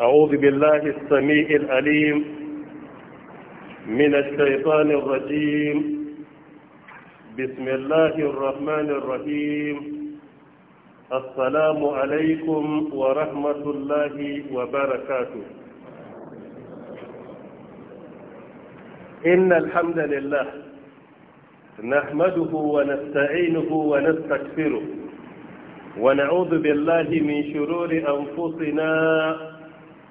أعوذ بالله السميع الأليم من الشيطان الرجيم بسم الله الرحمن الرحيم السلام عليكم ورحمة الله وبركاته إن الحمد لله نحمده ونستعينه ونستكفره ونعوذ بالله من شرور أنفسنا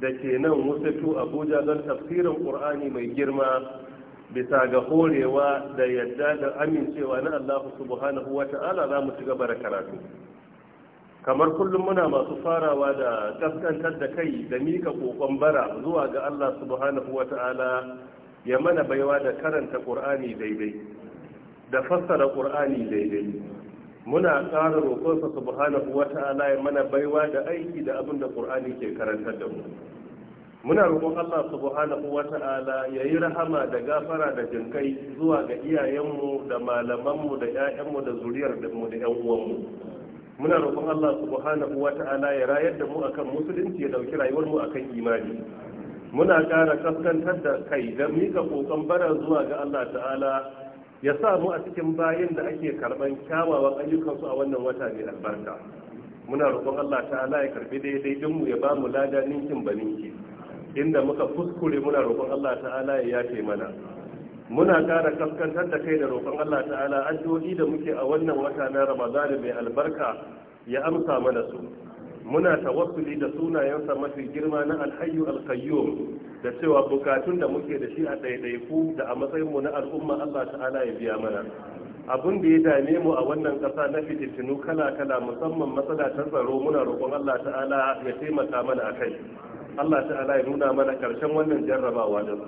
da ke nan wasatu abuja don tafsirin ƙur'ani mai girma bisa ga horewa da yadda da amincewa na allah subhanahu wa ta'ala za mu ci gaba da karatu kamar kullum muna masu farawa da kaskantar da kai da mika kokon bara zuwa ga allah subhanahu wa ta'ala ya mana baiwa da karanta ƙur'ani daidai da fassara ƙur'ani daidai muna ƙara roƙonsa subhanahu ta'ala ya mana baiwa da aiki da abin da Qur'ani ke karantar da mu muna roƙon Allah subhanahu ta'ala ya yi rahama da gafara da jinkai zuwa ga iyayenmu da malamanmu da ƴaƴanmu da zuriyar mu da ƴan uwanmu muna roƙon Allah subhanahu ta'ala ya rayar da mu akan musulunci ya dauki rayuwar mu akan imani muna ƙara kaskantar da kai da mika kokon bara zuwa ga Allah ta'ala ya sa mu a cikin bayan da ake karban kyawawan ayyukansu a wannan wata mai albarka muna roƙon Allah ta'ala ya karɓi daidai din mu ya ba mu lada ninkin ba ninki inda muka kuskure muna roƙon Allah ta'ala ya yafe mana muna ƙara kaskantar da kai da roƙon Allah ta'ala addu'o'i da muke a wannan wata na Ramadan mai albarka ya amsa mana su muna tawassuli da sunayensa mafi girma na alhayyu alkayyum da cewa bukatun da muke da shi a ɗaiɗaiku da a matsayinmu na al'umma Allah ta'ala ya biya mana Abun da ya dame mu a wannan ƙasa na fitintinu kala-kala musamman matsala ta tsaro muna roƙon Allah ta'ala ya taimaka mana a kai Allah ta'ala ya nuna mana ƙarshen wannan jarrabawa din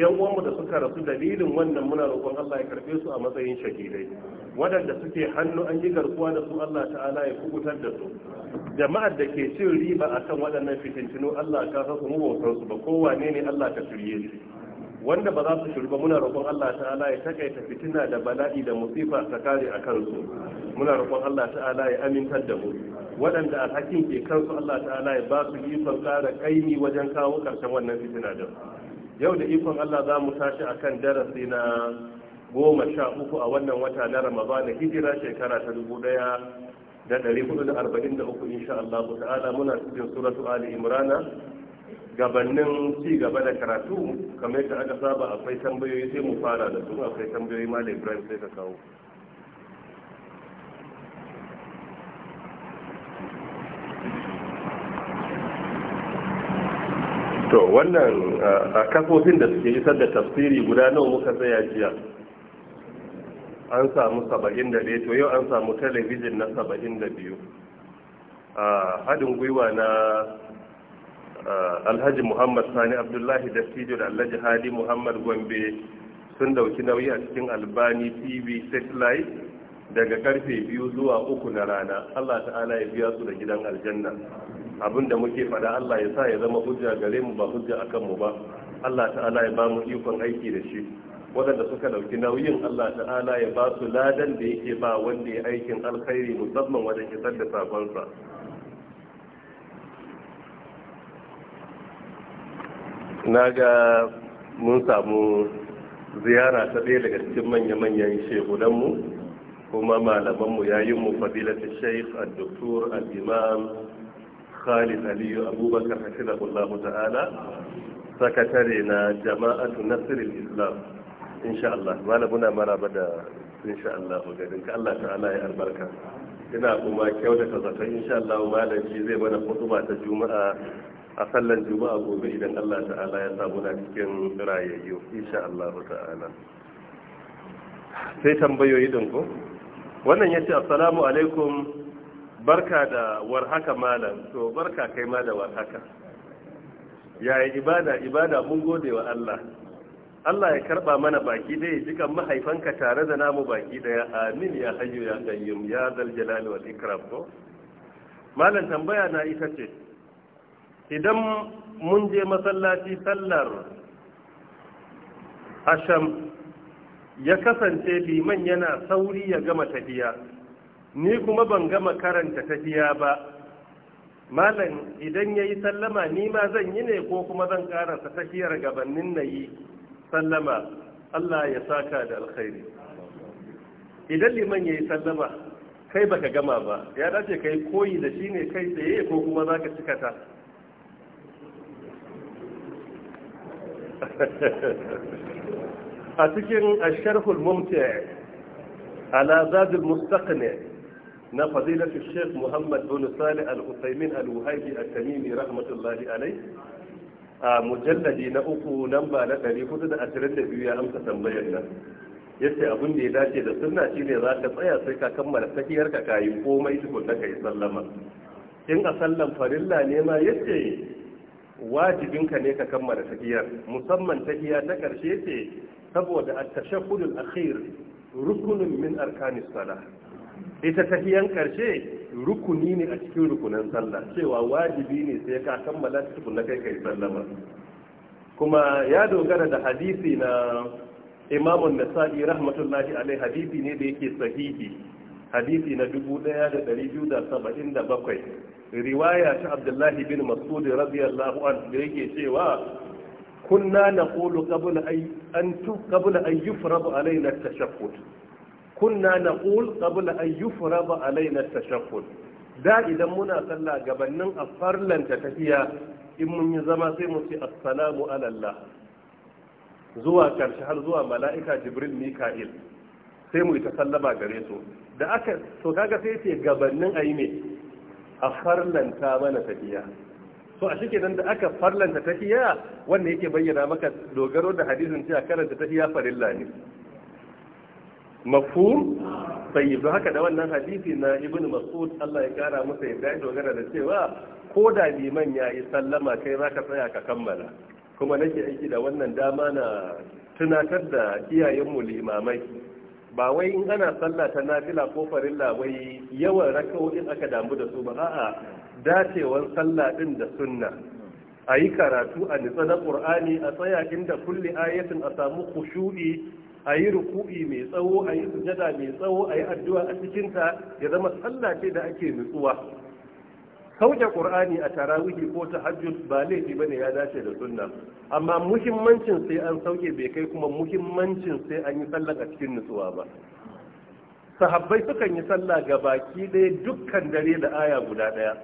yan uwanmu da suka rasu dalilin wannan muna roƙon Allah ya karɓe su a matsayin shahidai waɗanda suke hannu an yi garkuwa da su Allah ta'ala ya kubutar da su jama'ar da ke cin riba akan waɗannan fitintinu Allah ka san su mu bautar su ba kowane ne Allah ka shirye su wanda ba za su shirba muna roƙon Allah ta'ala ya takaita fitina da bala'i da musifa ta kare a kansu muna roƙon Allah ta'ala ya amintar da mu waɗanda alhakin ke kansu Allah ta'ala ya ba su ikon ƙara ƙaimi wajen kawo ƙarshen wannan fitina da yau da ikon Allah za mu tashi akan darasi na goma sha uku a wannan wata na da hijira shekara ta dubu daya da ɗari hudu da arba'in da uku insha Allah ta'ala muna cikin suratu Ali Imrana gabanin ci gaba da karatu kamar yadda aka saba akwai tambayoyi sai mu fara da su akwai tambayoyi malam Ibrahim sai ka kawo to wannan a kafofin da suke isar da tafsiri guda nawa muka tsaya jiya an samu saba'in da ɗaya to yau an samu talabijin na saba'in da biyu a hadin gwiwa na alhaji muhammad sani abdullahi da da alhaji hadi muhammad gombe sun dauki nauyi a cikin albani tv satellite daga karfe biyu zuwa uku na rana allah ta'ala ya biya su da gidan aljanna abinda muke faɗa allah ya sa ya zama hujja gare mu ba hujja akan mu ba allah ta'ala ya ba mu ikon aiki da shi waɗanda suka ɗauki nauyin Allah ta'ala ya ba su ladan da yake ba wanda ya aikin alkhairi musamman wajen isar da sabonsa na ga mun samu ziyara ta ɗaya daga cikin manya-manyan mu kuma malamanmu yayin mu fadilata sheikh al-doktor al-imam khalid aliyu abubakar hafizahullahu ta'ala sakatare na jama'atu nasiril islam insha Allah malam muna maraba da insha Allah garin ka Allah ta'ala ya albarka ina kuma da zaton insha Allah malam shi zai mana khutba ta juma'a a sallan juma'a gobe idan Allah ta'ala ya samu na cikin rayayyo insha Allah ta'ala sai tambayoyi din ko wannan yace assalamu alaikum barka da warhaka malam to barka kai ma da warhaka yayi ibada ibada mun gode wa Allah Allah ya karba mana baki dai dukan mahaifanka tare da namu baki daya amin ya hayyu ya qayyum ya zal jalali ikram ko malam tambaya na ita ce idan mun je masallaci sallar asham ya kasance liman yana sauri ya gama tafiya ni kuma ban gama karanta tafiya ba malam idan ya yi sallama ni ma zan yi ne ko kuma zan karasa tafiyar gabanin na yi. sallama Allah ya saka da alkhairi idan liman ya yi sallama kai baka gama ba ya dace kai koyi da shi kai tsaye ko kuma za ka cika ta a cikin asharhul mumti ala zadul mustaqni na fadilatu sheikh muhammad bin salih al-usaymin al-wahabi at-tamimi rahmatullahi alayh a mujalladi na uku nan ba na biyu ya amsa tambayar nan yace abin da ya dace da sunna ne za ka tsaya sai ka kammala tafiyar ka kayi komai tukunna kai sallama in a sallan farilla ne ma yace wajibin ka ne ka kammala tahiyar musamman tahiya ta karshe ce saboda at-tashahhud akhir rukunin min arkanis salah ita tahiyan karshe rukuni ne a cikin rukunan sallah cewa wajibi ne sai ka kammala tukunna kai kai sallama kuma ya dogara da hadisi na imamun nasa'i rahmatullahi alai hadisi ne da yake sahihi hadisi na 1277 riwaya ta abdullahi bin mas'ud radiyallahu anhu da yake cewa kunna naqulu qabla ay an tu qabla ay yufradu alaina at-tashaffut kunna naqul qabla an yufrada alaina at-tashaqqud da idan muna sallah gabanin a farlanta tafiya in mun yi zama sai mu ce assalamu alallah zuwa karshe har zuwa mala'ika jibril mika'il sai mu yi ta sallama gare su da aka so kaga sai ce gabanin yi me a farlanta mana tafiya To a shike nan da aka farlanta tafiya wanda yake bayyana maka dogaro da hadisin cewa karanta tafiya farilla ne mafhum tayyib ba haka da wannan hadisi na ibn mas'ud Allah ya kara masa yadda ya dogara da cewa ko da liman ya yi sallama kai za ka tsaya ka kammala kuma nake aiki da wannan dama na tunatar da mu limamai ba wai in ana sallah ta nafila ko farilla wai yawan raka'o'in aka damu da su ba a'a dacewan sallah din da sunna a yi karatu a nitsa na ƙur'ani a tsaya inda kulli ayatin a samu khushu'i a yi ruku'i mai tsawo a yi sujada mai tsawo a yi addu'a a cikinta ya zama sallah ce da ake nutsuwa kauce qur'ani a tarawihi ko tahajjud ba laifi bane ya dace da sunna amma muhimmancin sai an sauke bai kai kuma muhimmancin sai an yi sallah a cikin nutsuwa ba sahabbai sukan yi sallah ga baki ɗaya dukkan dare da aya guda daya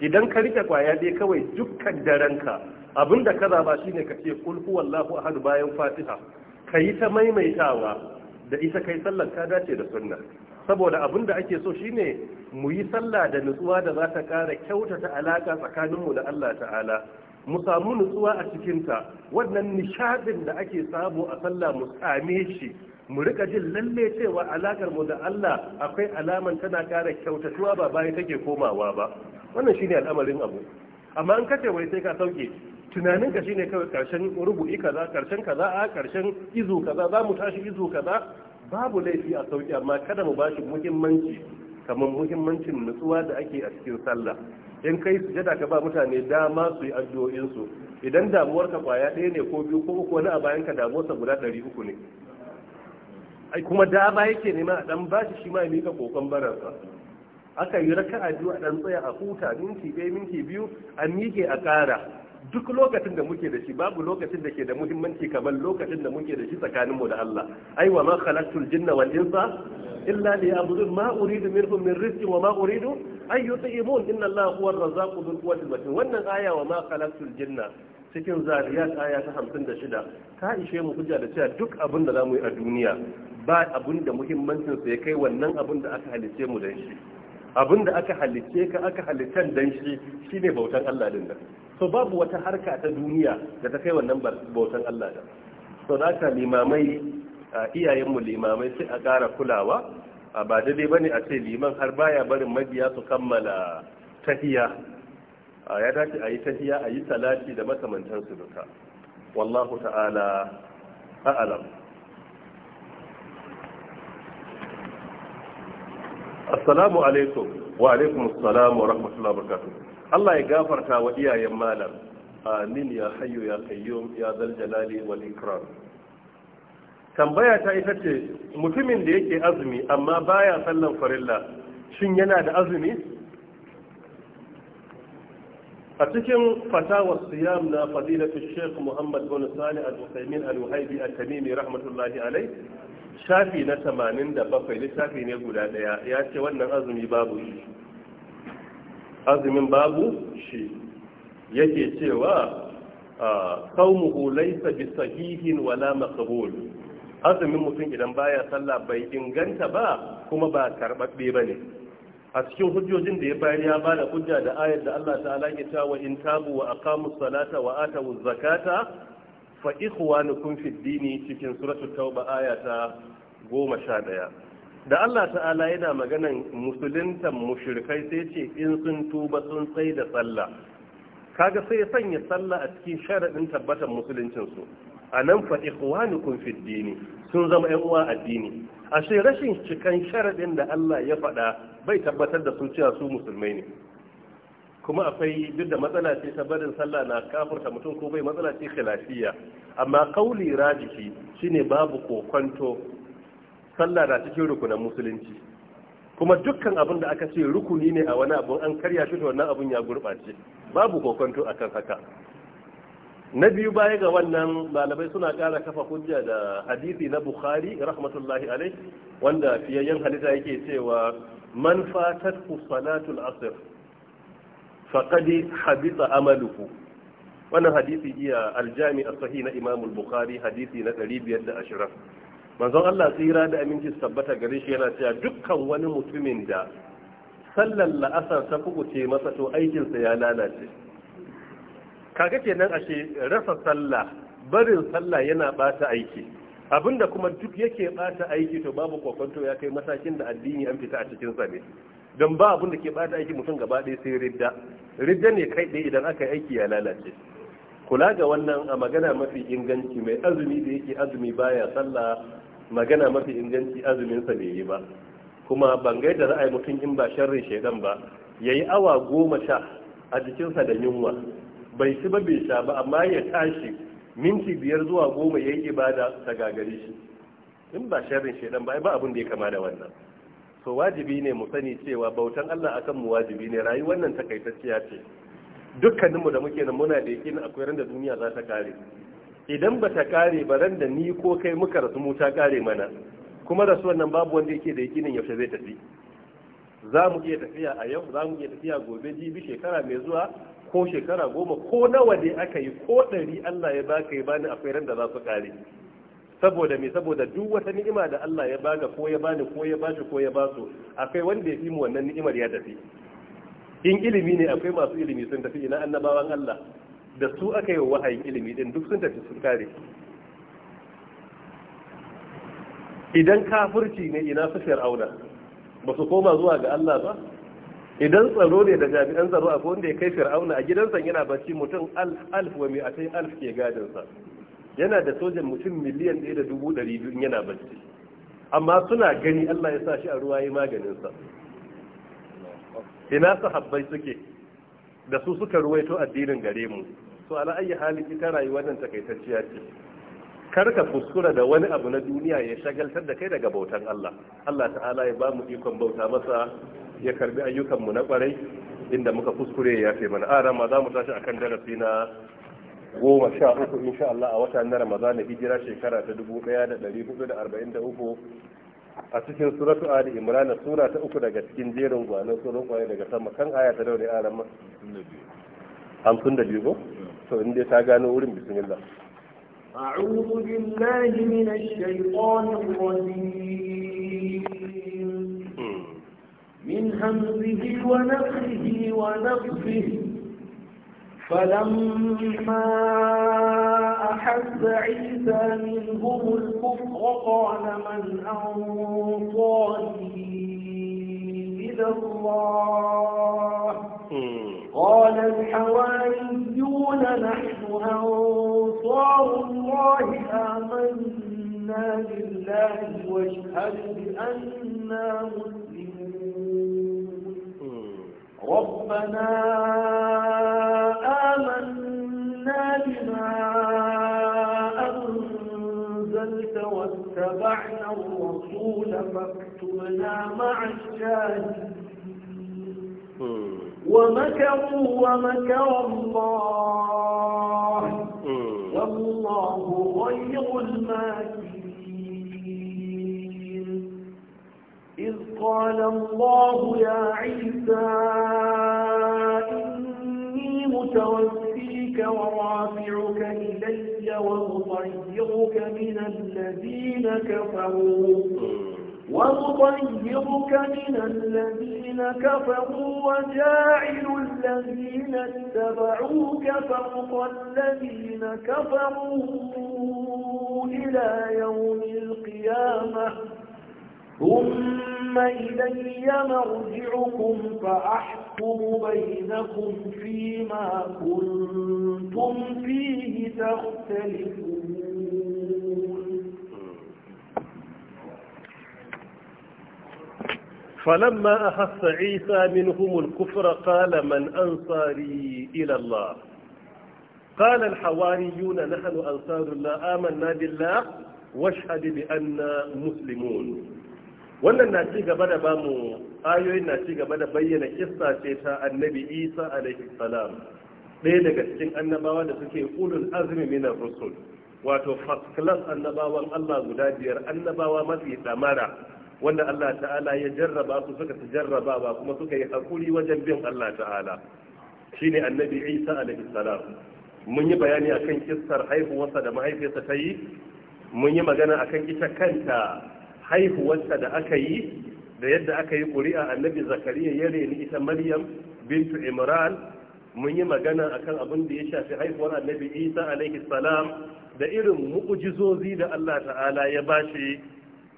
idan ka rike kwaya dai kawai dukkan daren ka abinda ka zaba shine ka ce kul huwallahu ahad bayan fatiha ka yi ta maimaitawa da ita kai sallar ka dace da sunna saboda abin da ake so shine mu yi sallah da nutsuwa da za ta ƙara kyautata alaƙa tsakaninmu da Allah ta'ala mu samu nutsuwa a cikinta wannan nishadin da ake samu a sallah mu same shi mu rika jin lalle cewa alakar mu da Allah akwai alaman tana ƙara kyautatuwa ba bayan take komawa ba wannan shine al'amarin abu amma an kace wai sai ka sauke tunanin ka shine kawai karshen rubu'i kaza karshen kaza a karshen izu kaza za mu tashi izu kaza babu laifi a sauki amma kada mu bashi muhimmanci kamar muhimmancin nutsuwa da ake a cikin sallah in kai sujada ka ba mutane dama su yi addu'o'insu idan damuwar ka kwaya ɗaya ne ko biyu ko uku wani a bayan ka damuwarsa guda ɗari uku ne ai kuma dama yake nema a dan bashi shi ma ya mika kokon baransa aka yi raka'a biyu a ɗan tsaya a huta minti ɗaya minti biyu a miƙe a ƙara duk lokacin da muke da shi babu lokacin da ke da muhimmanci kamar lokacin da muke da shi tsakaninmu da Allah ai wa ma khalaqtul jinna wal insa illa liya'budun ma uridu minhum min rizqin wa ma uridu an yut'imun inna Allaha huwa ar-razzaqu dhul quwwati matin wannan aya wa ma khalaqtul jinna cikin zariyat aya ta 56 ta ishe mu hujja da cewa duk abin da zamu yi a duniya ba abin da muhimmancin sa ya kai wannan abin da aka halice mu da shi abin da aka halice ka aka halittan dan shi shine bautan Allah din nan so babu wata harka ta duniya da ta kai wannan bautan Allah da so da ka limamai iyayenmu limamai sai a ƙara kulawa ba daidai bane a ce liman har baya barin mabiya su kammala tahiya ya dace a yi tahiya a yi salati da makamantansu duka wallahu ta'ala a'lam assalamu alaikum wa alaikum assalam wa rahmatullahi wa barakatuh Allah ya gafarta wa iyayen malam amin ya hayyu ya qayyum ya dal jalali wal ikram tambaya ta ita ce mutumin da yake azumi amma baya sallan farilla shin yana da azumi a cikin fatawa siyam na fadilatu sheikh muhammad bin salih al-usaimin al-uhaibi at-tamimi rahmatullahi alayh shafi na tamanin da bakwai littafi ne guda daya ya ce wannan azumi babu shi azumin babu shi yake cewa saumuhu hulai bi sahihin wala maqbul azumin mutum idan baya sallah bai inganta ba kuma ba karbabbe ne. a cikin hujjojin da ya bayar ya bada hujja da ayar da Allah ta'ala ke cewa in tabu wa aqamu salata wa atu zakata fa ikhwanukum fid dini cikin suratul tauba goma sha ɗaya. da Allah ta'ala yana maganan musuluntan mushrikai sai ce in sun tuba sun tsai da sallah kaga sai ya sanya sallah a cikin sharadin tabbatar musuluncin su anan fa ikhwanukum fid dini sun zama 'yan uwa addini ashe rashin cikan sharadin da Allah ya faɗa bai tabbatar da sun cewa su musulmai ne kuma akwai duk da matsala ce ta barin sallah na kafurta mutum ko bai matsala ce khilafiyya amma kauli rajihi shine babu kokonto sallah na cikin rukunan musulunci kuma dukkan abin da aka ce rukuni ne a wani abun an karya shi to wannan abun ya gurbace, babu kokonto akan haka na biyu baya ga wannan malamai suna ƙara kafa hujja da hadisi na bukhari rahmatullahi alaihi wanda fiyayyen halitta yake cewa man fatat salatul asr faqadi habita amaluhu wannan hadisi iya aljami a sahi na imam bukhari hadisi na 520 manzon Allah tsira da aminci tabbata gare shi yana cewa dukkan wani mutumin da sallar la'asar ta kubuce masa to aikinsa ya lalace kaga kenan ashe rasa sallah barin sallah yana bata aiki abinda kuma duk yake bata aiki to babu kokonto ya kai matakin da addini an fita a cikin sa ne don ba abin da ke bada aiki mutum gaba ɗaya sai ridda ridda ne kai ɗaya idan aka yi aiki ya lalace kula ga wannan a magana mafi inganci mai azumi da yake azumi baya sallah magana mafi inganci azuminsa bai yi ba kuma ban gaida ra'ayi mutum in ba sharrin shaidan ba yayi awa goma sha a jikinsa da yunwa bai ci ba bai sha ba amma ya tashi minti biyar zuwa goma yayi ibada ta gagare shi in ba sharrin shaidan ba ba abin da ya kama da wannan to wajibi ne mu sani cewa bautan Allah akan mu wajibi ne rayuwar nan takaitacciya ce dukkaninmu da muke nan muna da yakin akwai ran da duniya za ta kare idan ba ta kare ba ran ni ko kai muka rasu mu ta kare mana kuma rasuwar nan babu wanda yake da yakinin yaushe zai tafi za mu iya tafiya a yau za mu iya tafiya gobe jibi shekara mai zuwa ko shekara goma ko nawa ne aka yi ko ɗari Allah ya baka ya bani akwai ran da za su kare saboda me saboda duk wata ni'ima da Allah ya baka ko ya bani ko ya bashi ko ya basu akwai wanda ya fi mu wannan ni'imar ya tafi in ilimi ne akwai masu ilimi sun tafi ina annabawan Allah da su aka yi wahayin ilimi din duk sun tafi sun kare idan kafirci ne ina su fir'auna ba su koma zuwa ga Allah ba idan tsaro ne da jami'an tsaro akwai wanda ya kai fir'auna a gidansa yana bacci mutum alf alf wa mi'atai alf ke gadinsa yana da sojan mutum miliyan ɗaya da dubu ɗari biyu yana barci, amma suna gani Allah ya sa shi a ruwa ya maganinsa ina sahabbai suke da su suka ruwaito addinin gare mu to ala ayi hali ita rayuwar nan takaitacciya ce kar ka kuskura da wani abu na duniya ya shagaltar da kai daga bautan Allah Allah ta'ala ya ba mu ikon bauta masa ya karbi ayyukan mu na kwarai inda muka fuskure ya ce mana a ramadan mu tashi akan darasi na goma sha uku insha Allah a watan na Ramadan hijira shekara ta dubu da da da arba'in uku. a cikin suratu Ali Imran sura ta uku daga cikin jerin gwanon surun kwaye daga sama kan aya ta daure a Hamsin da biyu to inda ta gano wurin bismillah أعوذ بالله من الشيطان الرجيم hmm. من همزه ونفخه ونفخه فلما أحب عيسى منهم الكفر قال من أنصاري إلى الله قال الحواريون نحن أنصار الله آمنا بالله واشهد بأننا مسلمون ربنا آمنا بما أنزلت واتبعنا الرسول فاكتبنا مع الشاهدين ومكروا ومكر الله والله غير الماكرين إذ قال الله يا عيسى إني متوفيك ورافعك إلي ومطيرك من الذين كفروا ومطيرك من الذين كفروا وجاعل الذين اتبعوك فوق الذين كفروا إلى يوم القيامة ثم إلي مرجعكم فأحكم بينكم فيما كنتم فيه تختلفون فلما أحس عيسى منهم الكفر قال من أنصاري إلى الله قال الحواريون نحن أنصار الله آمنا بالله واشهد بأننا مسلمون wannan na ci gaba da bamu ayoyin na ci gaba da bayyana kissa ce ta annabi isa alaihi salam ɗaya daga cikin annabawa da suke ulul azmi min rusul wato first class annabawan Allah guda biyar annabawa mafi damara wanda Allah ta'ala ya jarraba su suka su jarrabawa kuma suka yi hakuri wajen bin Allah ta'ala shine annabi Isa alaihi salam mun yi bayani akan kissar haihuwarsa da mahaifiyarsa ta yi mun yi magana akan ita kanta haihuwarsa da aka yi da yadda aka yi ƙuri'a annabi zakariya ya reni ita maryam bintu imran mun yi magana akan abin da ya shafi haihuwar annabi isa alaihi salam da irin mu'ujizozi da allah ta'ala ya bashi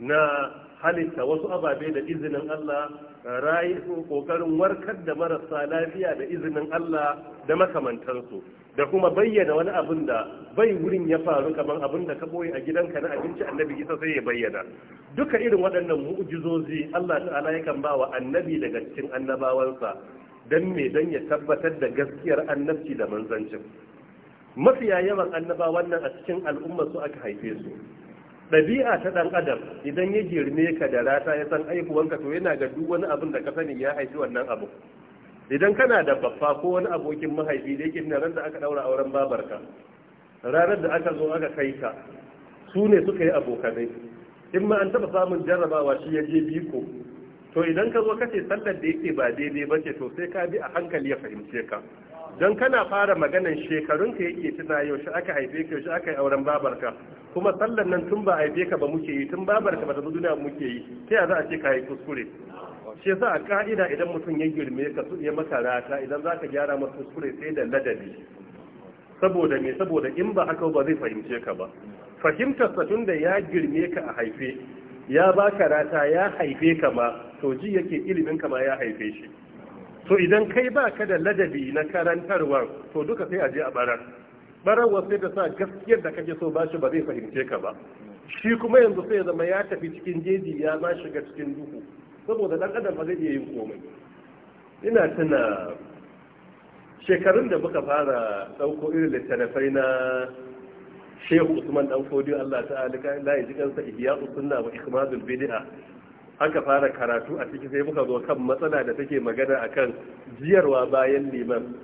na halitta wasu ababe da izinin allah rayu kokarin warkar da marasa lafiya da izinin allah da makamantansu da kuma bayyana wani abin da bai wurin ya faru kamar abin da ka boye a gidanka na abinci annabi isa sai ya bayyana duka irin waɗannan mu'jizozi Allah ta'ala yakan ba wa annabi daga cikin annabawansa dan me dan ya tabbatar da gaskiyar annabci da manzancin mafiya yawan annaba wannan a cikin al'umma su aka haife su ɗabi'a ta ɗan adam idan ya girme ka da rata ya san aihuwanka to yana ga duk wani abin da ka sani ya haifi wannan abu idan kana da baffa ko wani abokin mahaifi da yake ran da aka daura auren babarka ranar da aka zo aka kai ka su ne suka yi abokanai in ma an taba samun jarrabawa shi ya je biko to idan ka zo kace sallar da yake ba daidai ba ce to sai ka bi a hankali ya fahimce ka don kana fara maganan shekarun ka yake tuna yaushe aka haife ka yaushe aka yi auren babarka kuma sallar nan tun ba haife ka ba muke yi tun babarka ba ta duniya muke yi ta yaya za a ce ka yi kuskure shi yasa a ka'ida idan mutum ya girme ka su iya maka rata idan zaka gyara masu kuskure sai da ladabi saboda me saboda in ba haka ba zai fahimce ka ba fahimtar sa tunda ya girme ka a haife ya baka rata ya haife ka ma to ji yake ilimin ka ma ya haife shi to idan kai baka da ladabi na karantarwa to duka sai a je a barar barar sai ta sa gaskiyar da kake so ba shi ba zai fahimce ka ba shi kuma yanzu sai ya zama ya tafi cikin jeji ya ma shiga cikin duhu saboda dan adam ba zai iya yin komai ina tuna shekarun da muka fara ɗauko irin littattafai na shehu usman dan fodiyo allah ta'ala kan la yaji kansa ihya sunna wa ikmadul bid'a aka fara karatu a ciki sai muka zo kan matsala da take magana akan jiyarwa bayan liman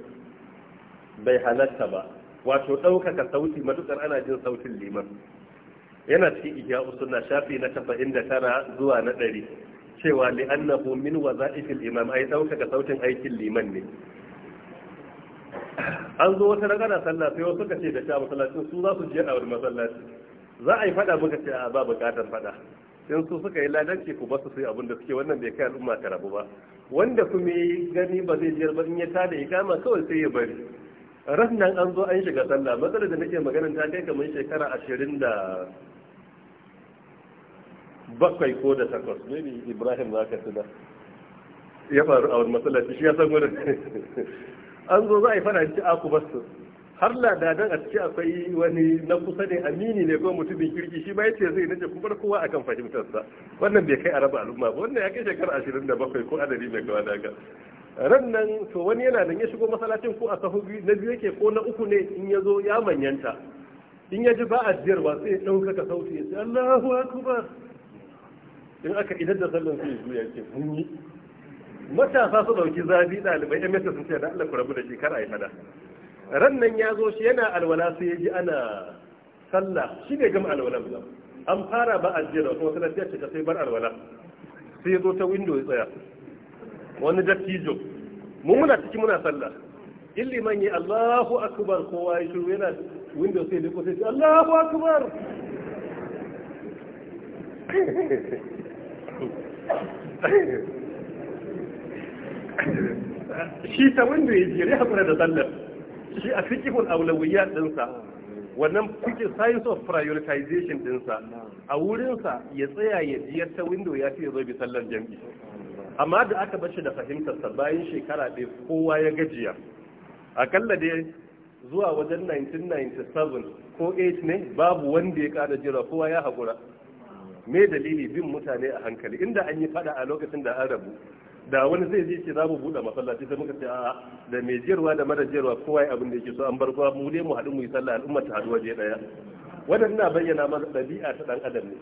bai halatta ba wato ɗaukaka sauti matukar ana jin sautin liman yana cikin ihya sunna shafi na 79 zuwa na 100 cewa li'annahu min waza'ifil imam ai ga sautin aikin liman ne an zo wata ragana sallah sai wasu suka ce da ta masallacin su za su je a wani masallaci za a yi fada muka ce a ba bukatar fada in su suka yi ladanci ku basu su yi abin da suke wannan bai kai al'umma ta rabu ba wanda kuma yi gani ba zai jiyar ba in ya tada kama kawai sai ya bari ran an zo an shiga sallah matsalar da nake maganar ta kai kamar shekara ashirin da bakwai ko da takwas ne ibrahim za ka tuna ya faru a wani matsala shi ya san wurin an zo za a yi fara ci aku basu har ladadan a ciki akwai wani na kusa ne amini ne ko mutumin kirki shi ba yace zai nace kuma kowa akan fahimtarsa wannan bai kai araba al'umma ba wannan ya kai shekara 27 ko adadi mai gawa daga ran nan to wani yana nan ya shigo masalacin ko a sahu na biyu yake ko na uku ne in ya zo ya manyanta in ya ji ba a ba sai ya ka sauti ya ce Allahu akbar in aka idan da sallan sai zuwa yake hunyi matasa su dauki zabi dalibai ya mesa sun ce da Allah ku rabu da shi kar ayi fada ran nan ya zo shi yana alwala sai ya ji ana sallah shi ne gama alwala ba an fara ba ajira kuma sallah sai ta sai bar alwala sai ya zo ta window ya tsaya wani dattijo mu muna ciki muna sallah illi man yi Allahu akbar kowa ya shiru yana window sai ya ce Allahu akbar shi ta wanda ya jere hakura da tsallar shi a fikihun aulawiyya dinsa wannan fikin science of prioritization dinsa a wurinsa ya tsaya ya jiyar ta windo ya fi ya tsallar sallar jam'i amma da aka bashi da fahimtarsa bayan shekara ɗaya kowa ya gajiya akalla dai zuwa wajen 1997 ko 8 ne babu wanda ya kada jira kowa ya haƙura me dalili bin mutane a hankali inda an yi fada a lokacin da an rabu da wani zai je ce za mu buɗe masallaci sai muka ce a da mai jirwa da mara jirwa kowa ya abin da yake so an bar kowa mu dai mu haɗu mu yi sallah al'umma ta haɗu waje ɗaya wannan ina bayyana mana ɗabi'a ta ɗan adam ne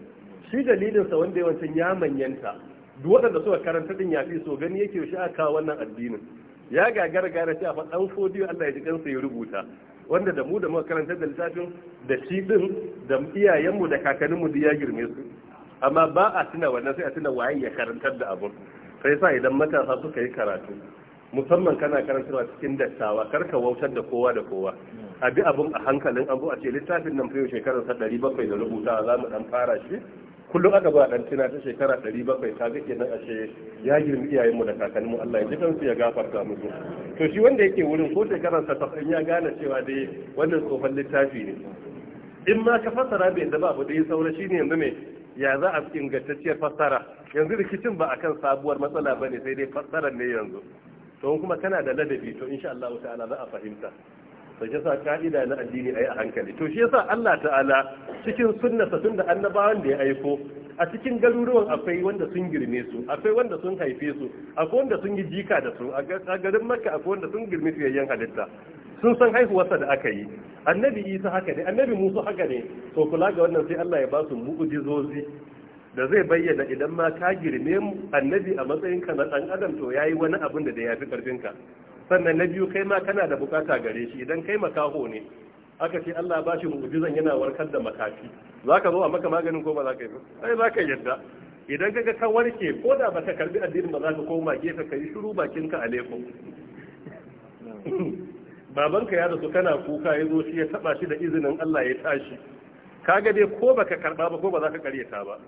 shi dalilinsa sa wanda yawancin ya manyanta duk waɗanda suka karanta din ya fi so gani yake shi a kawo wannan addinin ya gagara gara shi a faɗan fodiyo Allah ya ji kansa ya rubuta wanda da mu da muka karanta da littafin da shi din da iyayenmu da kakanninmu da ya girme su amma ba a tuna wannan sai a tuna waye ya karantar da abun sai sa idan matasa suka yi karatu musamman kana karantarwa cikin dattawa kar ka wautar da kowa da kowa a bi abun a hankalin abu a ce littafin nan fiye shekarar sa ɗari da rubuta za mu ɗan fara shi kullum aka ba ɗan tuna ta shekara ɗari bakwai ta zake nan ashe ya girmi iyayenmu da kakanninmu Allah ya ji kansu ya gafarta musu to shi wanda yake wurin ko shekarar sa tafin ya gane cewa dai wannan tsohon littafi ne in ma ka fasara bai da ba abu dai saura shine yanzu mai ya za a ingantacciyar fassara yanzu rikicin ba kan sabuwar matsala ba ne, sai dai fassarar ne yanzu to kuma kana da ladabi to insha Allah ta'ala za a fahimta to shi yasa ka'ida na addini ayi a hankali to shi yasa Allah ta'ala cikin sunnarsa tunda annabawan da ya aiko a cikin garuruwan akwai wanda sun girme su akwai wanda sun haife su akwai wanda sun yi jika da su a garin makka akwai wanda sun girme su yayyan halitta sun san haihuwarsa da aka yi annabi isa haka ne annabi musu haka ne to kula ga wannan sai Allah ya ba su mu'ujizozi da zai bayyana idan ma ka girme annabi a matsayin ka na dan adam to yayi wani abin da da yafi karfin ka sannan na biyu kai ma kana da bukata gare shi idan kai makaho ne aka ce Allah ba shi mu'ujizan yana warkar da makafi zaka zo a maka maganin ko ba za ka yi ba sai za yadda idan kaga ka warke ko da baka karbi addinin ba za ka koma gefe ka yi shiru bakin ka a babanka ya rasu kana kuka ya zo shi ya taba shi da izinin Allah ya tashi kaga dai ko baka karba ba ko ba za ka karyata ba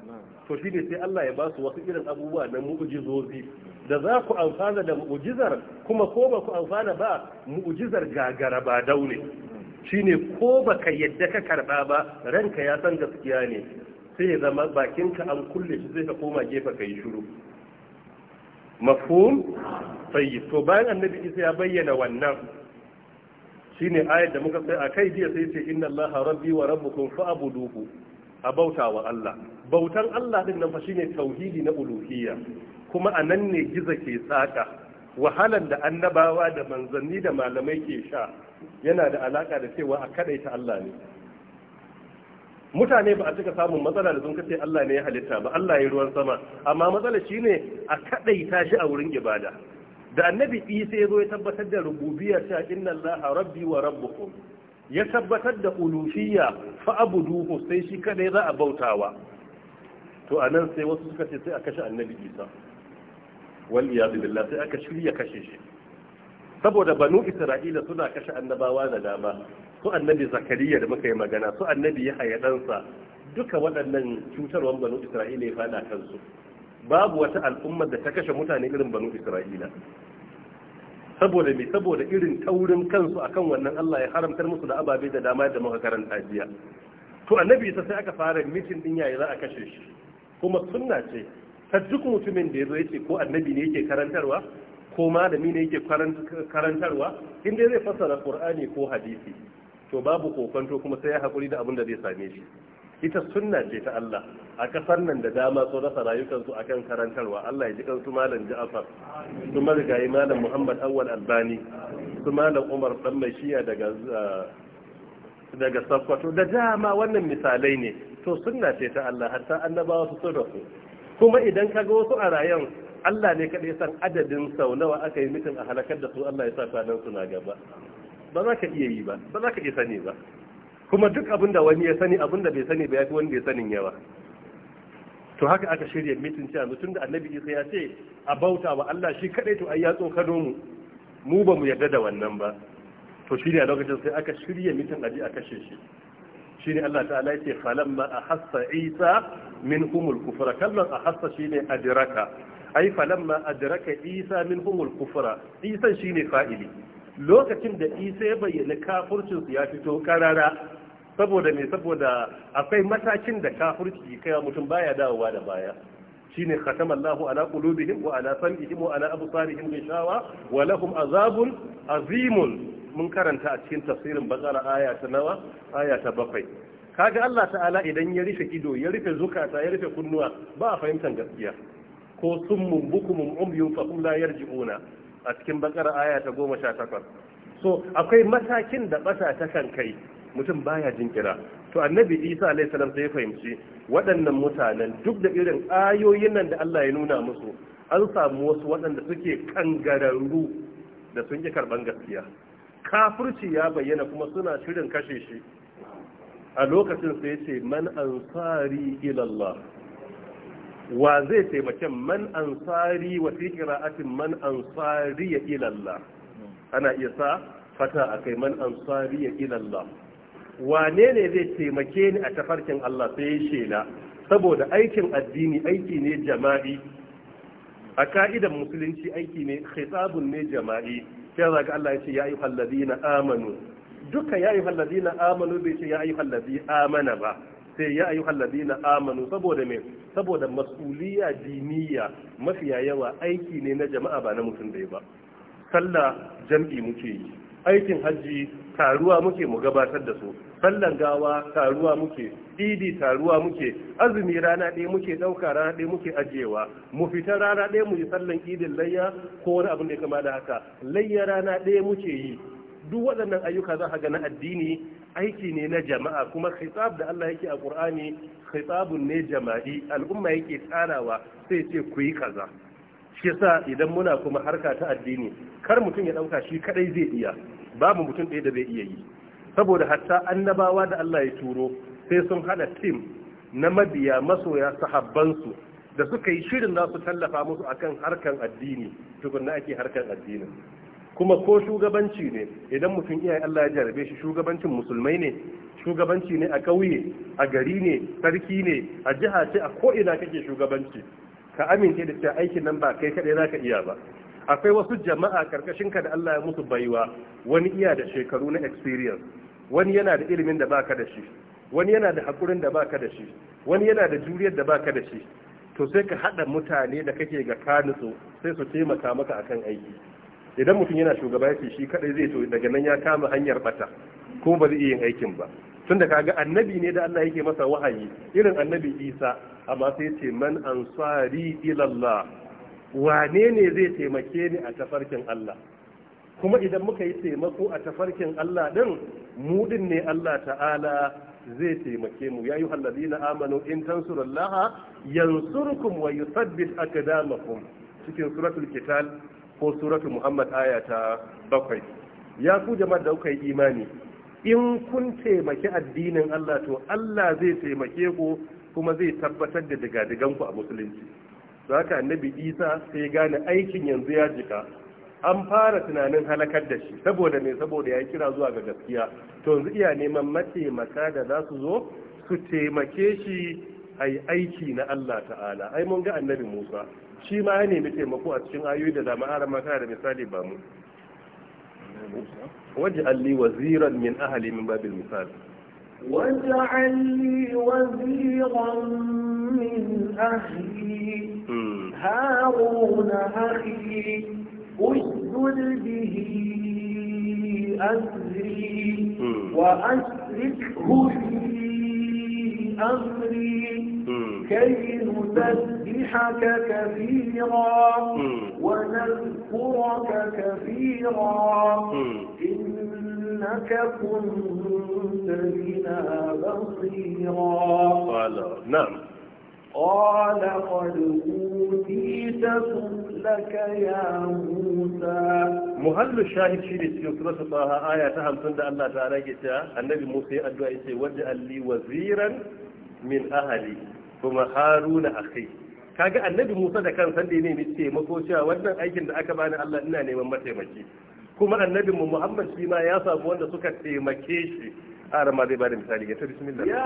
to shi ne sai Allah ya ba su wasu irin abubuwa na mu'jizozi da za ku amfana da mu'jizar kuma ko ba ku amfana ba mu'ujizar gagara ba daune shine ko baka yadda ka karba ba ranka ya san gaskiya ne sai ya zama bakinka an kulle shi sai ka koma gefe kai shiru mafhum tayyib to bayan annabi isa ya bayyana wannan Shi ne ayar da muka sai kai jiya sai ce inna allaha rabbi wa rabbukum fa'buduhu a bauta wa Allah bautan Allah din nan fa shine tauhidi na uluhiyya kuma anan ne giza ke tsaka wahalan da annabawa da manzanni da malamai ke sha yana da alaka da cewa a kadaita Allah ne mutane ba a cika samun matsala da sun kace Allah ne ya halitta ba Allah ya ruwan sama amma matsala shine a kadaita shi a wurin ibada da annabi isa ya zo ya tabbatar da rububiyar cewa inna allaha rabbi wa rabbukum ya tabbatar da uluhiyya fa abuduhu sai shi kadai za a bautawa to anan sai wasu suka ce sai a kashe annabi isa wal iyad billah sai aka shirya kashe shi saboda banu isra'ila suna kashe annabawa da dama su annabi zakariya da muka yi magana su annabi ya haya ɗansa duka waɗannan cutarwan banu isra'ila ya fada kansu babu wata al'ummar da ta kashe mutane irin banu isra'ila saboda me saboda irin taurin kansu a kan wannan Allah ya haramtar musu da ababe da dama da muka karanta jiya to annabi ta sai aka fara mitin din yayi za a kashe shi kuma sunna ce ta duk mutumin da yazo yake ko annabi ne yake karantarwa ko malami ne yake karantarwa in dai zai fassara Qur'ani ko hadisi to babu kokonto kuma sai ya hakuri da abin da zai same shi ita sunna ce ta Allah a kasar nan da dama so rasa rayukansu akan karantarwa Allah ya ji kansu malam Ja'far su marigayi malam Muhammad Awwal Albani su malam Umar dan mai shiya daga eh, daga Sokoto da dama wannan misalai ne to sunna ce ta Allah hatta annabawa su da su kuma idan ka ga wasu a rayan Allah ne kaɗai san adadin sau nawa aka yi mutum a halakar da su Allah ya sa kwanan su na gaba ba za ka iya yi ba ba za ka iya sani ba kuma duk abin da wani ya sani abin da bai sani ba ya fi wanda ya sanin yawa to haka aka shirya mitin cewa mutum da annabi isa ya ce a bauta wa Allah shi kadai to ai ya tsokano mu mu ba mu yarda da wannan ba to ne a lokacin sai aka shirya mitin aji a kashe shi Shi ne Allah ta'ala ya yace falamma ahassa isa min humul kufra kallan ahassa ne adraka ai falamma adraka isa min humul kufra isa shi ne fa'ili lokacin da isa ya bayyana kafircin su ya fito karara saboda me saboda akwai matakin da kafirci kai mutum baya dawowa da baya shine khatamallahu ala qulubihim wa ala sam'ihim wa ala absarihim bishawa wa lahum azabun azimun mun karanta a cikin tafsirin bakara aya ta nawa aya ta bakwai kaga Allah ta'ala idan ya rufe ido ya rufe zukata ya rufe kunnuwa ba a fahimtar gaskiya ko summun bukumun umyun fa kula la yarji'una a cikin bakara aya ta 18 so akwai matakin da bata ta kan kai mutum baya jin kira to annabi isa alaihi salam sai ya fahimci waɗannan mutanen duk da irin ayoyin nan da Allah ya nuna musu an samu wasu waɗanda suke kangararru da sun ki karban gaskiya kafirci ya bayyana kuma suna shirin kashe shi a lokacin sai ya ce man ansari ilallah wa zai taimake man ansari wa fi qira'atin man ansari ilallah ana iya sa fata akai man ansari ilallah wane ne zai taimake ni a tafarkin Allah sai ya shela saboda aikin addini aiki ne jama'i a ka'idan musulunci aiki ne hisabun ne jama'i sai zaka Allah ya ce ya ayyuhal ladina amanu duka ya ayyuhal ladina amanu bai ce ya ayyuhal ladina amana ba sai ya ayyuhal ladina amanu saboda me saboda mas'uliyya diniya mafiya yawa aiki ne na jama'a ba na mutum ɗaya ba sallah jam'i muke yi aikin hajji taruwa muke mu gabatar da su sallan gawa taruwa muke idi taruwa muke azumi rana ɗaya muke ɗauka rana ɗaya muke ajiyewa mu fita rana ɗaya mu yi sallan idin layya ko wani abin da ya kama da haka layya rana ɗaya muke yi duk waɗannan ayyuka za ka ga na addini aiki ne na jama'a kuma hisab da Allah yake a Qur'ani hisabun ne jama'i al'umma yake tsarawa sai ce ku yi kaza shi yasa idan muna kuma harka ta addini kar mutum ya dauka shi kadai zai iya babu mutum ɗaya da zai iya yi saboda hatta annabawa da Allah ya turo sai sun hada tim na mabiya masoya sahabban su da suka yi shirin za su tallafa musu akan harkan addini na ake harkan addinin kuma ko shugabanci ne idan mutum iyaye Allah ya jarabe shi shugabancin musulmai ne shugabanci ne a ƙauye a gari ne sarki ne a jiha ce a ko ina kake shugabanci ka amince da cewa aikin nan ba kai kaɗai za ka iya ba akwai wasu jama'a karkashin ka da Allah ya musu baiwa wani iya da shekaru na experience wani yana da ilimin da baka da shi wani yana da hakurin da baka da shi wani yana da juriyar da baka da shi to sai ka haɗa mutane da kake ga kanitsu sai su taimaka maka akan aiki idan mutum yana shugaba ya ce shi kaɗai zai to daga nan ya kama hanyar bata ko ba zai iya yin aikin ba tun da kaga annabi ne da Allah yake masa wahayi irin annabi Isa amma sai ce man ansari ila wane ne zai taimake ni a tafarkin Allah kuma idan muka yi taimako a tafarkin Allah din mu din ne Allah ta'ala zai taimake mu ya yi na amanu in tansurullaha yansurkum wa yuthabbit aqdamakum cikin suratul kital ko suratul muhammad aya ta bakwai ya ku jama'ar da kuka yi imani in kun taimaki addinin Allah to Allah zai taimake ku kuma zai tabbatar da digadigan ku a musulunci don haka annabi Isa sai gane aikin yanzu ya jika an fara tunanin halakar da shi saboda me saboda ya kira zuwa ga gaskiya to yanzu iya neman mataimaka da za su zo su taimake shi a aiki na Allah ta'ala ai mun ga annabi Musa shi ma ya nemi taimako a cikin ayoyi da dama ara maka da misali ba mu واجعل لي وزيرا من أهلي من باب المثال واجعل لي وزيرا من أهلي هارون أخي أشدد به أزري وأشركه في أمري كي نسبحك كثيرا ونذكرك كثيرا إنك كنت بنا بصيرا قال نعم قال قد أوتيت سؤلك يا موسى مهل الشاهد شيء في سورة طه آية تهم سند الله تعالى النبي موسى أدعى وجعل لي وزيرا min ahali kuma haruna ka kaga annabi Musa da kansa da ne ne ce mako cewa wannan aikin da aka bani Allah ina neman mataimaki kuma annabi mu Muhammad shi ma ya samu wanda suka taimake shi arama ma zai bada misali ga bismillah ya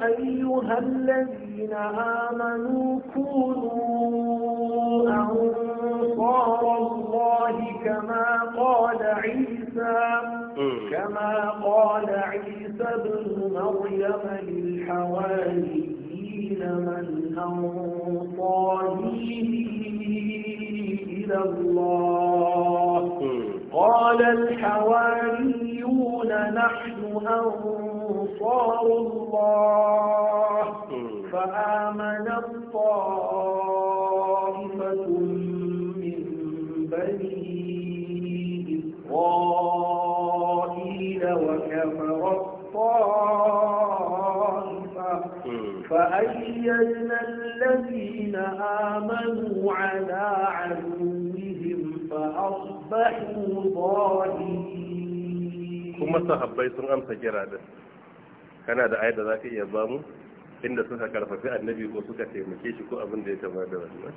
ayyuhallazina amanu kunu نصارى الله كما قال عيسى كما قال عيسى ابن مريم للحواريين من أنصاري إلى الله قال الحواريون نحن أنصار الله فآمن الطائفة بني إسرائيل وكفر الطائفة hmm. فأيدنا الذين آمنوا على عدوهم فأصبحوا ظالمين كما أمس kana da ayat za ka iya bamu inda suka karfafi annabi ko suka taimake shi ko abin da ya tabbata da wannan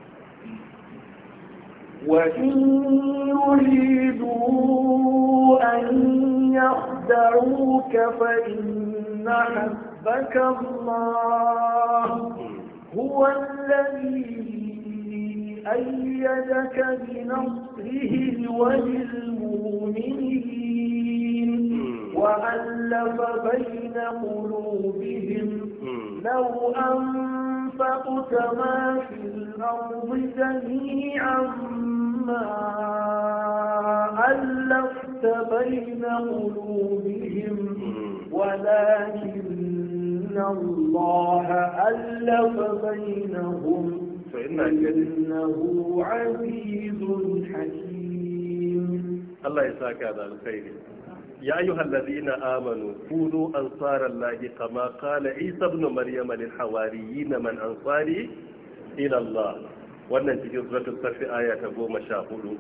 وإن يريدوا أن يخدعوك فإن حسبك الله هو الذي أيدك بنصره وللمؤمنين وألف بين قلوبهم لو أن ينفق كما في الأرض جميعا ما ألفت بين قلوبهم ولكن الله ألف بينهم إنه عزيز حكيم الله يساك هذا الخير ya ayyuhal na amanu kunu ansarallahi kama qala isa ibn maryama lil na man ansari ila wannan cikin suratul safi aya ta hudu.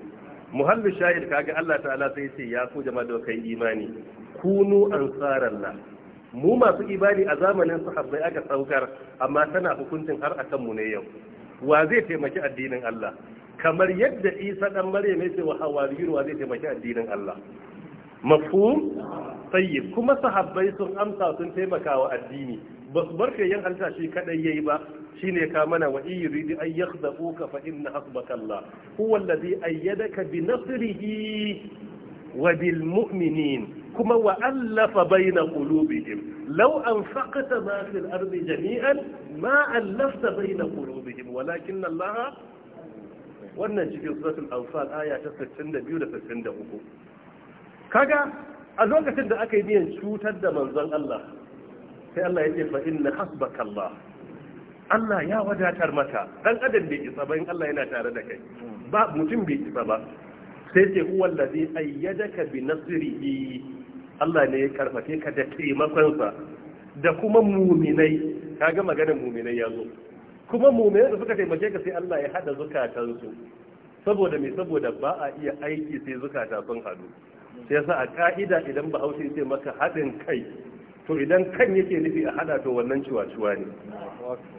Muhallin shahid kaga Allah ta'ala sai ce ya ku jama'a da kai imani kunu ansarallah mu masu ibadi a zamanin sahabbai aka saukar amma tana hukuncin har a kanmu ne yau wa zai taimaki addinin Allah kamar yadda Isa dan Maryam ya ce wa hawariyun wa zai taimaki addinin Allah mafhum tayyib kuma sahabbai sun amsa sun taimaka wa addini ba su bar yan halitta shi kadai yayi ba shine ka mana wa yuridu an yakhdafuka fa inna hasbaka Allah huwa alladhi ayyadaka bi nasrihi wa bil mu'minin kuma wa allafa bayna qulubihim law anfaqta ma fil ardi jami'an ma allafta bayna qulubihim walakin Allah wannan cikin suratul anfal aya ta 62 da 63 kaga a lokacin da aka yi biyan cutar da manzon Allah sai Allah ya ce fa inna hasbaka Allah Allah ya wadatar maka dan adam bai isa ba in Allah yana tare da kai ba mutum bai isa ba sai ce huwa allazi ayyadaka bi nasrihi Allah ne ya karfafe ka da taimakonsa da kuma muminai kaga maganar muminai ya kuma muminai da suka taimake ka sai Allah ya hada zukatansu saboda me saboda ba a iya aiki sai zukata sun hadu sai yasa a ka'ida idan bahaushe ce maka haɗin kai to idan kan yake nufi a hada to wannan ciwa-ciwa ne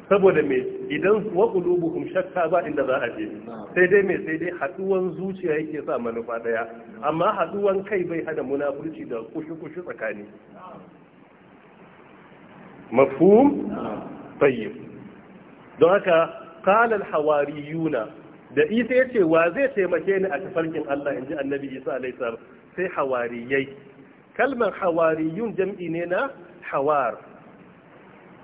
saboda me idan wa qulubuhum shakka ba inda za a je sai dai me sai dai haduwan zuciya yake sa manufa daya amma haduwan kai bai hada munafurci da kushi-kushi tsakani mafhum tayyib don haka qala al-hawariyuna da isa yace wa zai taimake ni a tafarkin Allah inji annabi Isa alaihi salam sai hawariyai kalmar hawariyun jam'i ne na hawar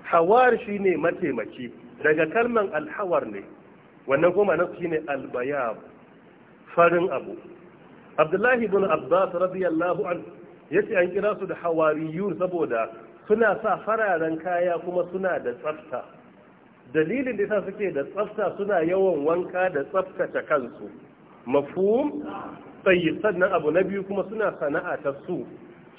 hawar shine mataimaki daga kalmar alhawar ne wannan kuma nan shine albaya farin abu abdullahi ibn abbas radiyallahu an ce an kira su da hawariyun saboda suna sa fararen kaya kuma suna da tsafta dalilin da yasa suke da tsafta suna yawan wanka da tsaftace kansu mafhum tsayi sannan abu na biyu kuma suna sana'a ta su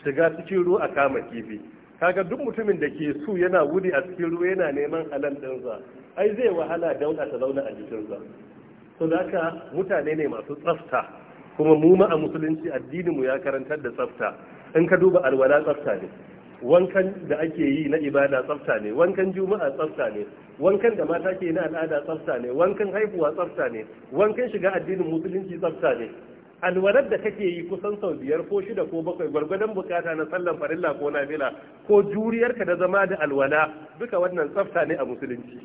shiga cikin ruwa a kama kifi kaga duk mutumin da ke su yana wuri a cikin ruwa yana neman halal ɗinsa ai zai wahala dauna ta zauna a jikinsa to da haka mutane ne masu tsafta kuma mu ma a musulunci addini mu ya karantar da tsafta in ka duba alwala tsafta ne wankan da ake yi na ibada tsafta ne wankan juma'a tsafta ne wankan da mata ke na al'ada tsafta ne wankan haihuwa tsafta ne wankan shiga addinin musulunci tsafta ne alwalar da kake yi kusan sau biyar ko shida ko bakwai gwargwadon bukata na sallan farilla ko nafila ko juriyarka da zama da alwala duka wannan tsafta ne a musulunci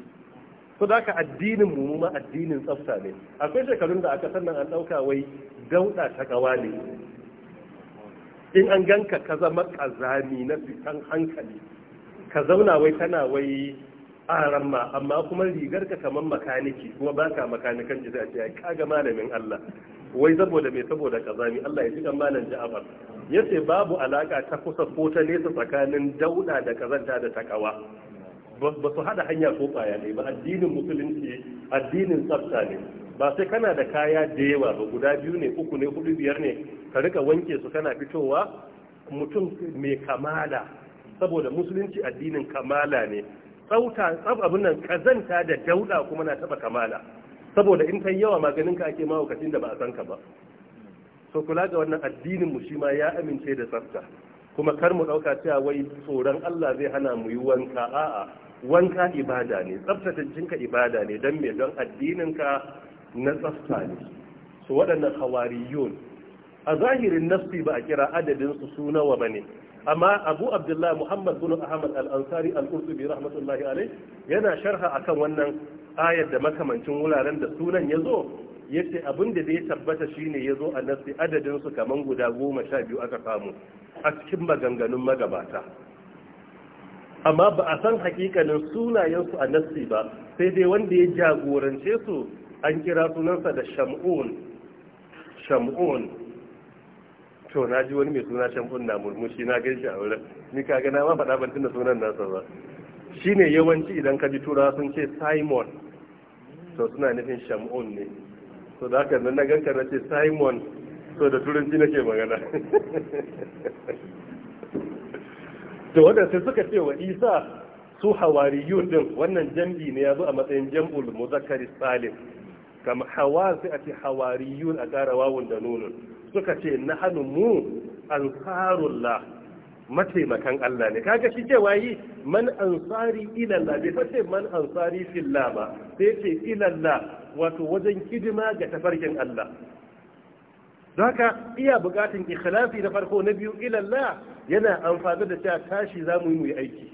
so da addinin mu ma addinin tsafta ne akwai shekarun da aka sannan an ɗauka wai dauɗa ta kawa ne in an ganka ka zama ƙazami na fitan hankali ka zauna wai tana wai aran ma amma kuma rigar ka kaman makaniki kuma baka makanikan ji zai ya kaga malamin Allah wai saboda me saboda kazami Allah ya ji kan malam Ja'far yace babu alaka ta kusa ko ta nesa tsakanin dauda da kazanta da takawa ba su hada hanya ko kwaya ne ba addinin musulunci addinin tsafta ne ba sai kana da kaya da yawa ba guda biyu ne uku ne hudu biyar ne ka rika wanke su kana fitowa mutum mai kamala saboda musulunci addinin kamala ne tsauta tsab abin nan kazanta da dauda kuma na taba kamala saboda in kai yawa maganin ka ake mahaukacin da ba a san ka ba so kula ga wannan addinin mu shi ma ya amince da tsafta kuma kar mu dauka cewa wai tsoron Allah zai hana mu yi wanka a'a wanka ibada ne tsaftace jinka ibada ne dan me don addinin ka na tsafta ne so waɗannan hawariyun a zahirin nafsi ba a kira adadin su su nawa bane amma abu abdullahi muhammad bin ahmad al-ansari al-qurtubi rahmatullahi alai yana sharha akan wannan ayar da makamancin wuraren da sunan ya zo ya ce abin da zai tabbata shine ya zo a nasi adadin su kaman guda goma sha biyu aka samu a cikin maganganun magabata amma ba a san hakikanin sunayensu a nasi ba sai dai wanda ya jagorance su an kira sunansa da shamun shamun to na ji wani mai suna can na murmushi na gan shi a wurin ni ka gana ma faɗa ban tunda sunan nasa ba shine yawanci idan ka ji turawa sun ce simon to suna nufin shamun ne to da haka nan na ganka na ce simon to da turanci nake magana to wadda sai suka ce wa isa su hawariyun din wannan jambi ne ya zo a matsayin jambul muzakkari salim kama hawa sai a ce hawariyun a ƙara wawun da nunun suka ce na hannu mu ansarullah mataimakan Allah ne kaga shi ce wayi man ansari ila Allah bai ce man ansari fillah ba sai ce ilallah wato wajen hidima ga tafarkin Allah haka iya bukatun ikhlasi na farko na biyu ilallah yana amfani da cewa tashi zamu yi mu yi aiki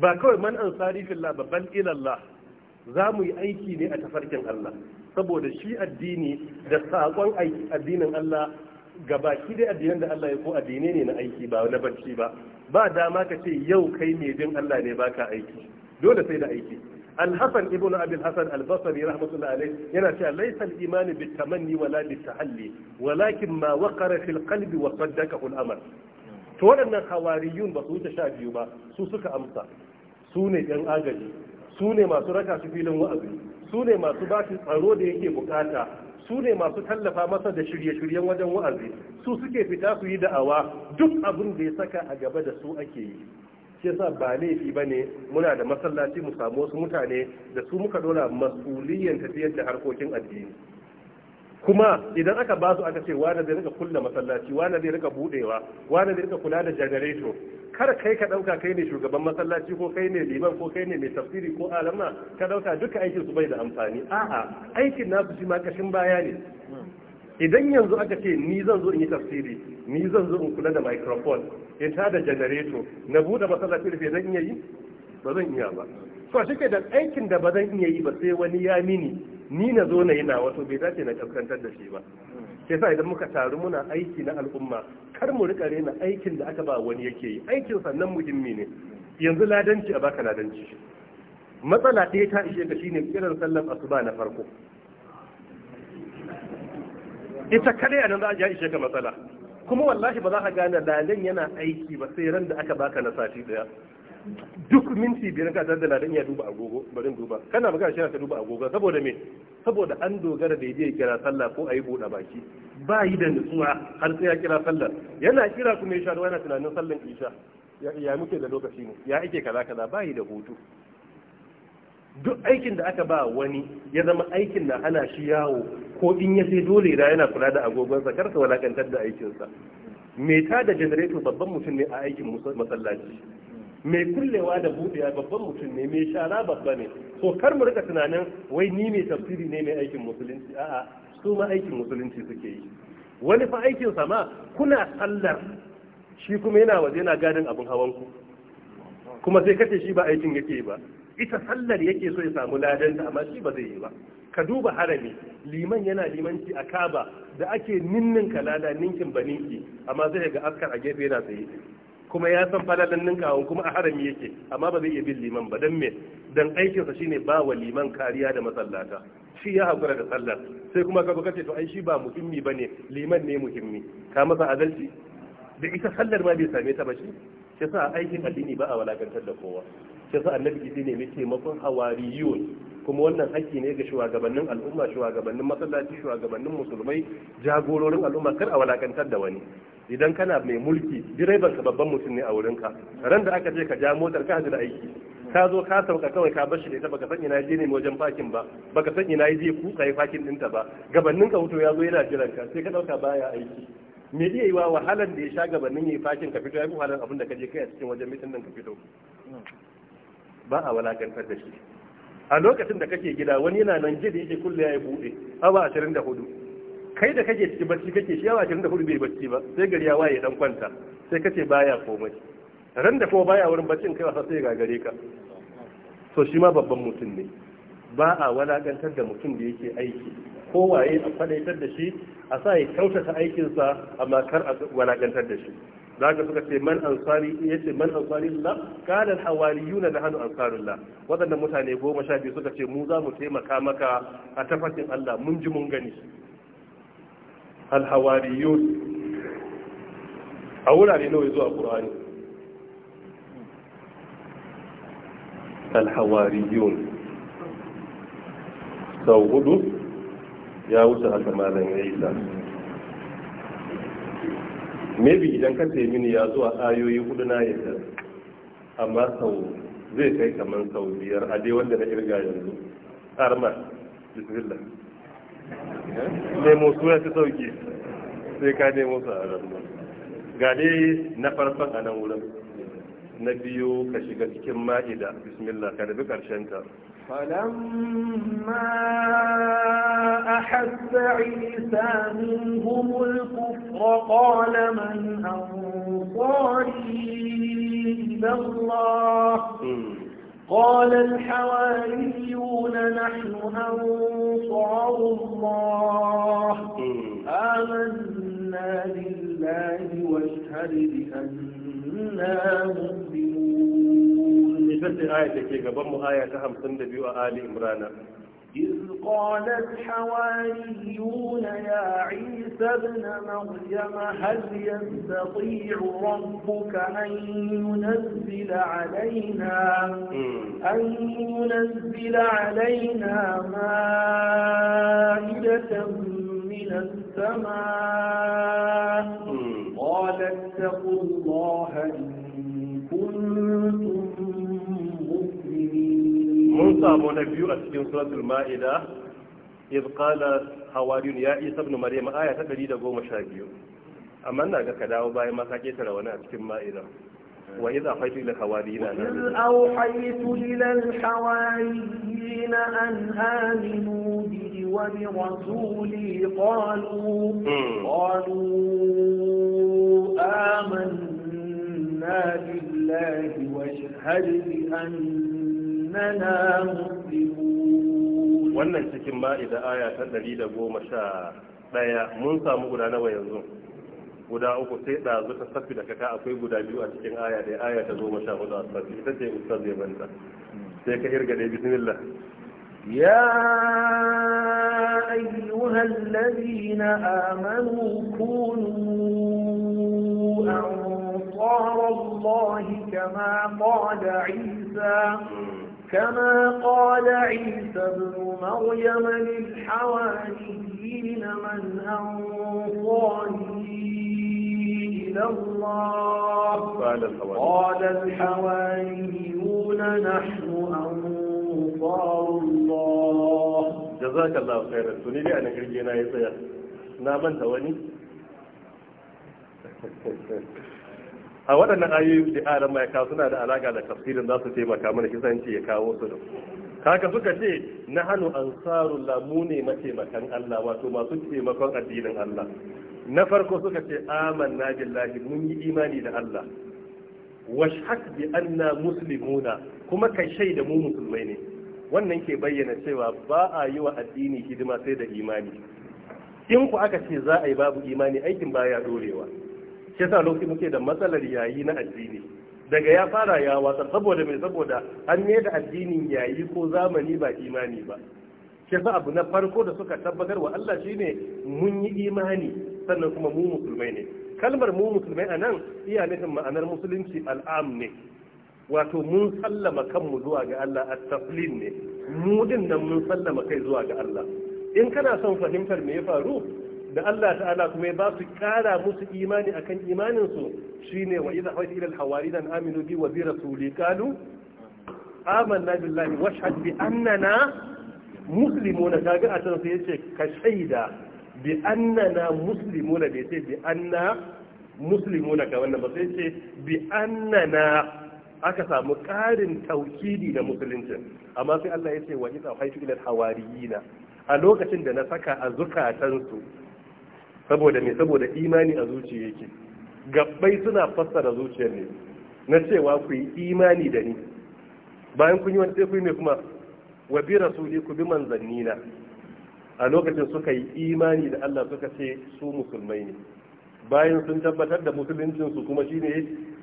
ba kawai man ansari fillah ba ban za Allah zamu yi aiki ne a tafarkin Allah saboda shi addini da saƙon addinin Allah gabaki dai addinin da Allah ya ko addine ne na aiki ba na barci ba ba dama ka ce yau kai mai bin Allah ne baka aiki dole sai da aiki الحسن ابن ابي الحسن البصري رحمه الله عليه ينشا ليس الايمان بالتمني ولا بالتحلي ولكن ما وقر في القلب وصدقه الامر to waɗannan hawariyun ba su wuce sha biyu ba su suka amsa su ne ɗan agaji su ne masu raka su filin wa'azi su ne masu ba shi tsaro da yake bukata su ne masu tallafa masa da shirye-shiryen wajen wa'azi su suke fita su yi da'awa duk abin da ya saka a gaba da su ake yi shi yasa ba laifi ba ne muna da masallaci mu samu wasu mutane da su muka dora masuliyan tafiyar da harkokin addini kuma idan aka ba su aka ce wane zai rika kulla masallaci wane zai rika budewa wane zai rika kula da janareto kar kai ka dauka kai ne shugaban masallaci ko kai ne liman ko kai ne mai tafsiri ko alama ka dauka duka aikin su bai da amfani a'a aikin nasu shi ma kashin baya ne idan yanzu aka ce ni zan zo in yi tafsiri ni zan zo in kula da microphone in da janareto na bude masallaci rufe zan iya yi ba zan iya ba to shi da aikin da ba zan iya yi ba sai wani ya mini ni na zo na yi na wato bai dace na kaskantar da shi ba ke sa idan muka taru muna aiki na al'umma kar mu rika rena aikin da aka ba wani yake yi aikin sannan muhimmi ne yanzu ladanci a baka ladanci matsala ɗaya ta ishe ka shine kiran sallar asuba na farko ita kadai nan za a ishe ka matsala kuma wallahi ba za ka gane ladan yana aiki ba sai ran da aka baka na sati ɗaya duk minti biyar ka da ladan iya duba agogo barin duba kana magana shi ka duba agogo saboda me saboda an dogara da yaje kira sallah ko ayi buɗa baki ba yi da nutsuwa har sai ya kira sallah yana kira kuma ya shaɗu yana tunanin sallan isha ya muke da lokaci ne ya ake kaza kaza ba yi da hutu duk aikin da aka ba wani ya zama aikin na ana shi yawo ko in ya sai dole da yana kula da agogonsa karka walakantar da aikinsa Me ta da janareto babban mutum ne a aikin masallaci mai kullewa da buɗewa babban mutum ne mai shara babba ne ko kar mu rika tunanin wai ni mai tafsiri ne mai aikin musulunci a'a su ma aikin musulunci suke yi wani fa aikin sama ma kuna sallar shi kuma yana waje yana gadin abin hawan ku kuma sai kace shi ba aikin yake ba ita sallar yake so ya samu ladanta amma shi ba zai yi ba ka duba harami liman yana limanci a kaba da ake ninninka lada ninkin baninki amma zai ga askar a gefe yana tsaye kuma ya san falalan ninkawan kuma a harami yake amma ba zai iya bin liman ba dan me dan aikinsa shine ba wa liman kariya da masallata shi ya hakura da sallar sai kuma ka kace to ai shi ba muhimmi bane liman ne muhimmi ka masa adalci da ita sallar ma bai same ta ba shi yasa aikin addini ba a walakantar da kowa sai sa annabi idi ne mai taimakon hawariyun kuma wannan haƙƙi ne ga shugabannin al'umma shugabannin masallaci shugabannin musulmai jagororin al'umma kar a walakantar da wani idan kana mai mulki direban ka babban mutum ne a wurinka ran da aka je ka ja motar ka da aiki ka zo ka sauka kawai ka bar shi da ita baka san ina je ne wajen fakin ba baka san ina je kuka yi fakin din ta ba gabanin ka hoto ya zo yana jiran ka sai ka ɗauka baya aiki me iya yi wa wahalar da ya sha gabanin ya yi fakin ka fito ya fi wahalar abin da ka je kai a cikin wajen mutum din ka fito ba a walakantar da shi a lokacin da kake gida wani yana nan gida yake kulle ya buɗe awa 24 kai da kake cikin barci kake shi awa 24 bai barci ba sai gari ya waye dan kwanta sai kace baya komai ran da kuma baya wurin barcin kai wasa sai gagare ka to shi ma babban mutum ne ba a walakantar da mutum da yake aiki Ko waye a fadaitar da shi a sa ya kyautata aikinsa amma kar a walakantar da shi zaka suka ce man ansari ce man ansari lillah kana alhawariyun da hannu hanu ansarullah Waɗannan mutane goma sha biyu suka ce mu za mu taimaka maka a tafakin Allah mun ji mun gani alhawariyun a wurare nawa zuwa qur'ani alhawariyun sau hudu ya wuce haka malam ya isa maybe idan ka ce mini ya zuwa ayoyi hudu na yadda amma sau zai kai kamar sau biyar a dai wanda na irga yanzu armar bismillah eh, nemo su ya fi sauki sai ka nemo su a ranar ga dai na farfan a nan wurin na biyu ka shiga cikin ma'ida bismillah ka dabi karshen ta فلما أحس عيسى منهم الكفر قال من أنصاري إلى الله قال الحواريون نحن أنصار الله آمنا بالله واشهد بأننا مؤمنون ita ce aya da ke gaban mu aya ta إذ قالت حواريون يا عيسى ابن مريم هل يستطيع ربك أن ينزل علينا أن ينزل علينا مائدة من السماء قال اتقوا الله إن كنتم mun samu na biyu a cikin suratul ma'ida iz qala hawariyun ya isa ibn maryam aya ta 112 amma ina ga ka dawo bayan ma ka ketara wani a cikin ma'ida وإذ أوحيت إلى الحواريين أن أوحيت إلى الحواريين أن آمنوا بي وبرسولي قالوا قالوا آمنا بالله واشهد بأن إننا مسلمون wannan cikin ma'ida aya ta 111 mun samu guda nawa yanzu guda uku sai ɗazu ta safi da kaka akwai guda biyu a cikin aya da aya ta goma sha hudu a safi ita ce ustaz zai banta sai ka irga dai bismillah يا أيها الذين آمنوا كونوا أنصار الله كما قال عيسى كما قال عيسى ابن مريم للحواريين من أنصاري إلى الله قال الحواريون نحن أنصار الله جزاك الله خيرا لي أنا كرجينا يا نعم أنت وني a waɗannan ayoyi da aran mayaka suna da alaƙa da tafsirin za su taimaka mana kisanci ya kawo su da haka suka ce na hannu ansarun lamu ne mataimakan Allah wato masu taimakon addinin Allah na farko suka ce amanna billahi mun yi imani da Allah shak bi anna muslimuna kuma kai shaida mu musulmai ne wannan ke bayyana cewa ba a yi wa addini hidima sai da imani in ku aka ce za a yi babu imani aikin baya dorewa ke sa lokaci muke da matsalar yayi na addini daga ya fara ya wasa saboda mai saboda an ne da addinin yayi ko zamani ba imani ba ke yasa abu na farko da suka tabbatar wa Allah shine mun yi imani sannan kuma mu musulmai ne kalmar mu musulmai anan iya nufin ma'anar musulunci al'am ne wato mun sallama kanmu zuwa ga Allah a taslim ne mu din nan mun sallama kai zuwa ga Allah in kana son fahimtar me ya faru da Allah ta'ala kuma ba su kara musu imani akan imanin su shine wa idza hawaita ila al-hawaridan aminu bi wa bi rasuli qalu amanna billahi washhad bi annana muslimuna kaga a can sai yace ka shaida bi annana muslimuna bai sai bi anna muslimuna ka wannan ba sai yace bi annana aka samu ƙarin taukidi da musuluncin amma sai Allah ya ce wa isa ila al-hawariina a lokacin da na saka a zukatansu saboda ne saboda imani a zuciya yake gabbai suna fassara zuciyar ne na cewa ku yi imani da ni bayan kun yi wani sai ku yi mai kuma wa bi rasuli ku bi manzannina a lokacin suka yi imani da Allah suka ce su musulmai ne bayan sun tabbatar da musuluncin su kuma shine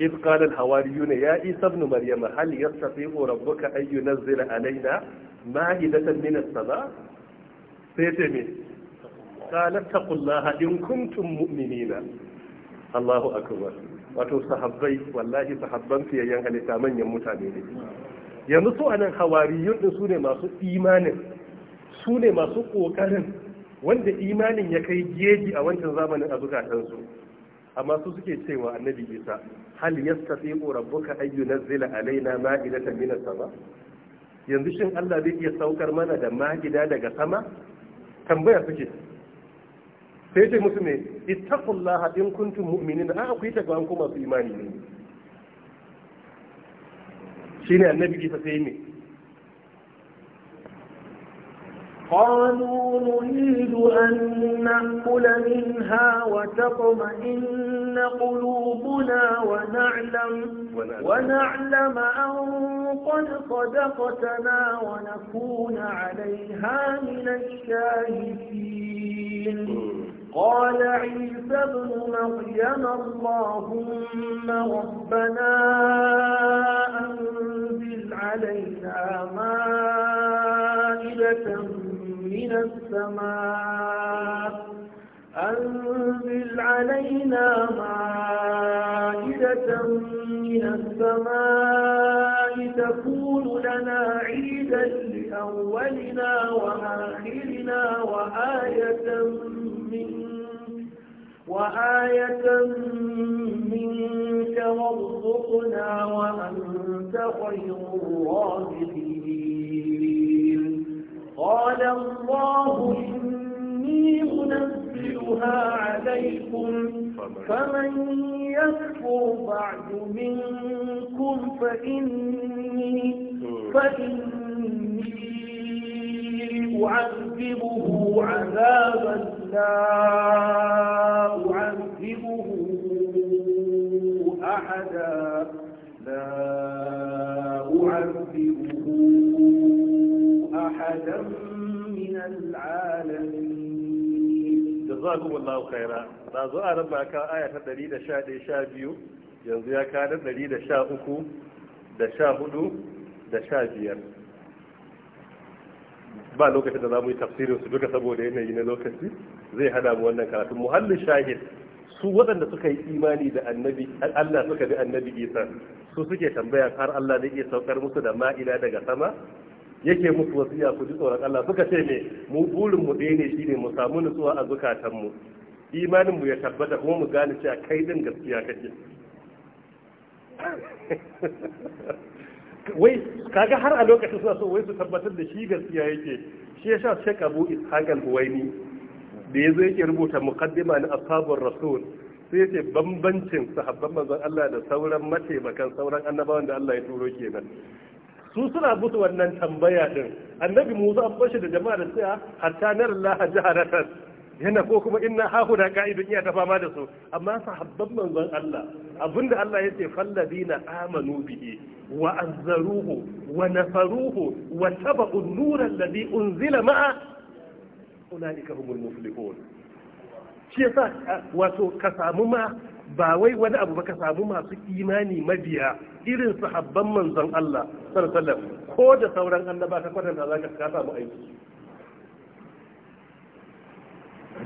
إذ قال الحواريون يا عيسى ابن مريم هل يستطيع ربك أن ينزل علينا مائدة من السماء؟ سيتمين qalat taqullaha in kuntum mu'minina Allahu akbar wato sahabbai wallahi sahabban fiyayyen halitta manyan mutane ne yanzu su anan hawariyun din su masu imanin su masu kokarin wanda imanin ya kai jeji a wancan zamanin a zukatansu amma su suke cewa annabi isa hal yastati'u rabbuka ayyuna, yunzila alaina ma'idatan as sama yanzu shin Allah zai iya saukar mana da ma'ida daga sama tambaya suke sai ce musu ne ittaqullaha in kuntum mu'minin a ku yi takwa ko su imani ne shine annabi isa sai ne قالوا نريد أن نأكل منها وتطمئن قلوبنا ونعلم, ونعلم أن قد صدقتنا ونكون عليها من الشاهدين قال عيسى ابن مريم اللهم ربنا أنزل علينا مائدة من السماء أنزل علينا مائدة من السماء تكون لنا عيدا لأولنا وآخرنا وآية منك وآية منك وارزقنا وأنت خير الرازقين قال الله إني منزلها عليكم فمن يكفر بعد منكم فإني, فإني أعذبه عذابا لا أعذبه أحدا لا أعذبه أحدا من العالمين جزاكم الله خيرا بعض زؤال معك آية دليل شاهد شابيو yanzu ya kanar 113 da ba lokacin da za mu yi tafsirin su duka saboda yanayi na lokaci zai hada mu wannan karatu muhallin shahid su waɗanda suka yi imani da annabi Allah suka bi annabi Isa su suke tambaya har Allah da iya saukar musu da ma'ila daga sama yake musu wasiya ku ji tsoron Allah suka ce me mu burin mu ɗaya ne shine mu samu nutsuwa a zukatan mu imanin mu ya tabbata kuma mu gane cewa kai din gaskiya kake wai kaga har a lokacin suna so wai su tabbatar da shi gaskiya yake shi ya sha shek abu ishaq al-huwaini da ya zo yake rubuta muqaddima na ashabur rasul sai yace bambancin sahabban manzon Allah da sauran mataimakan sauran annabawan da Allah ya turo kenan su suna musu wannan tambaya din annabi Musa an bashi da jama'a da tsaya hatta nar la jaharatan yana ko kuma inna hahuda ka'idun iya ta fama da su amma sahabban manzon Allah abinda Allah yace falladina amanu bihi wa azzaruhu wa nafaruhu wa tabu an alladhi unzila ma'a ulaika humul muflihun shi yasa wato ka samu ma ba wai wani abu ba ka samu masu imani mabiya irin sahabban manzon Allah sallallahu alaihi wasallam ko da sauran annaba ka kwatanta zaka ka samu aiki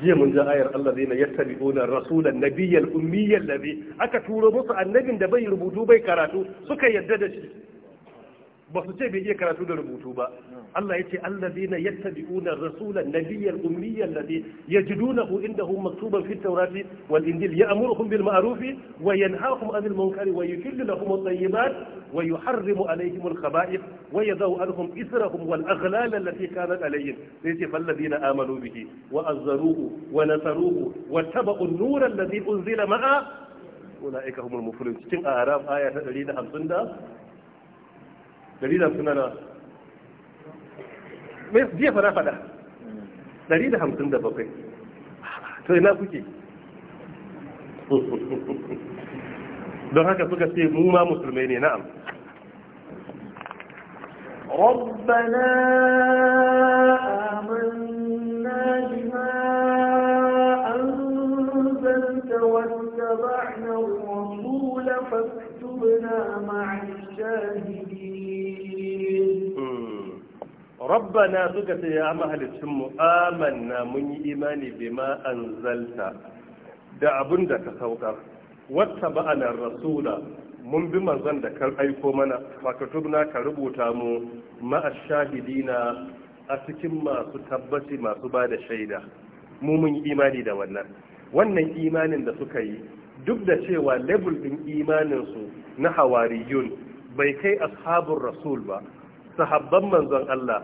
jiya mun ji ayar Allah zai na yattabi'una rasulan nabiyyal ummiyyal ladhi aka turo musu annabin da bai rubutu bai karatu suka yadda da shi ba su ce bai iya karatu da rubutu ba Allah ya ce allazina yattabi'una rasulan nabiyyal ummiyyan ladhi yajidunahu indahum maktuban fit tawrati wal injil ya'muruhum bil ma'ruf wa yanhahum 'anil munkari wa yuhillu lahum at-tayyibat wa yuharrimu 'alayhim al-khaba'ith wa yadhau 'anhum israhum wal aghlal allati kanat 'alayhim sai ce fallazina amanu bihi wa azzaruhu wa nasaruhu wa tabu'u an-nura alladhi unzila ma'a ulaika humul muflihun cikin a'raf aya ta 150 da dalila suna na biya fara fada dari da hamsin da bakwai to ina kuke don haka suka ce mu ma musulmai ne na'am ربنا آمنا بما أنزلت واتبعنا الرسول فاكتبنا مع الشاهدين rabbana suka ce ya mahalicin mu amanna mun yi imani bima zalta da abin da ka sauka. wata ba'anar rasula mun bi manzan da kar aiko mana fakatubna ka rubuta mu na a cikin masu tabbaci masu ba da shaida mu mun yi imani da wannan wannan imanin da suka yi duk da cewa label din imaninsu na hawariyun bai kai ashabun rasul ba sahabban manzon Allah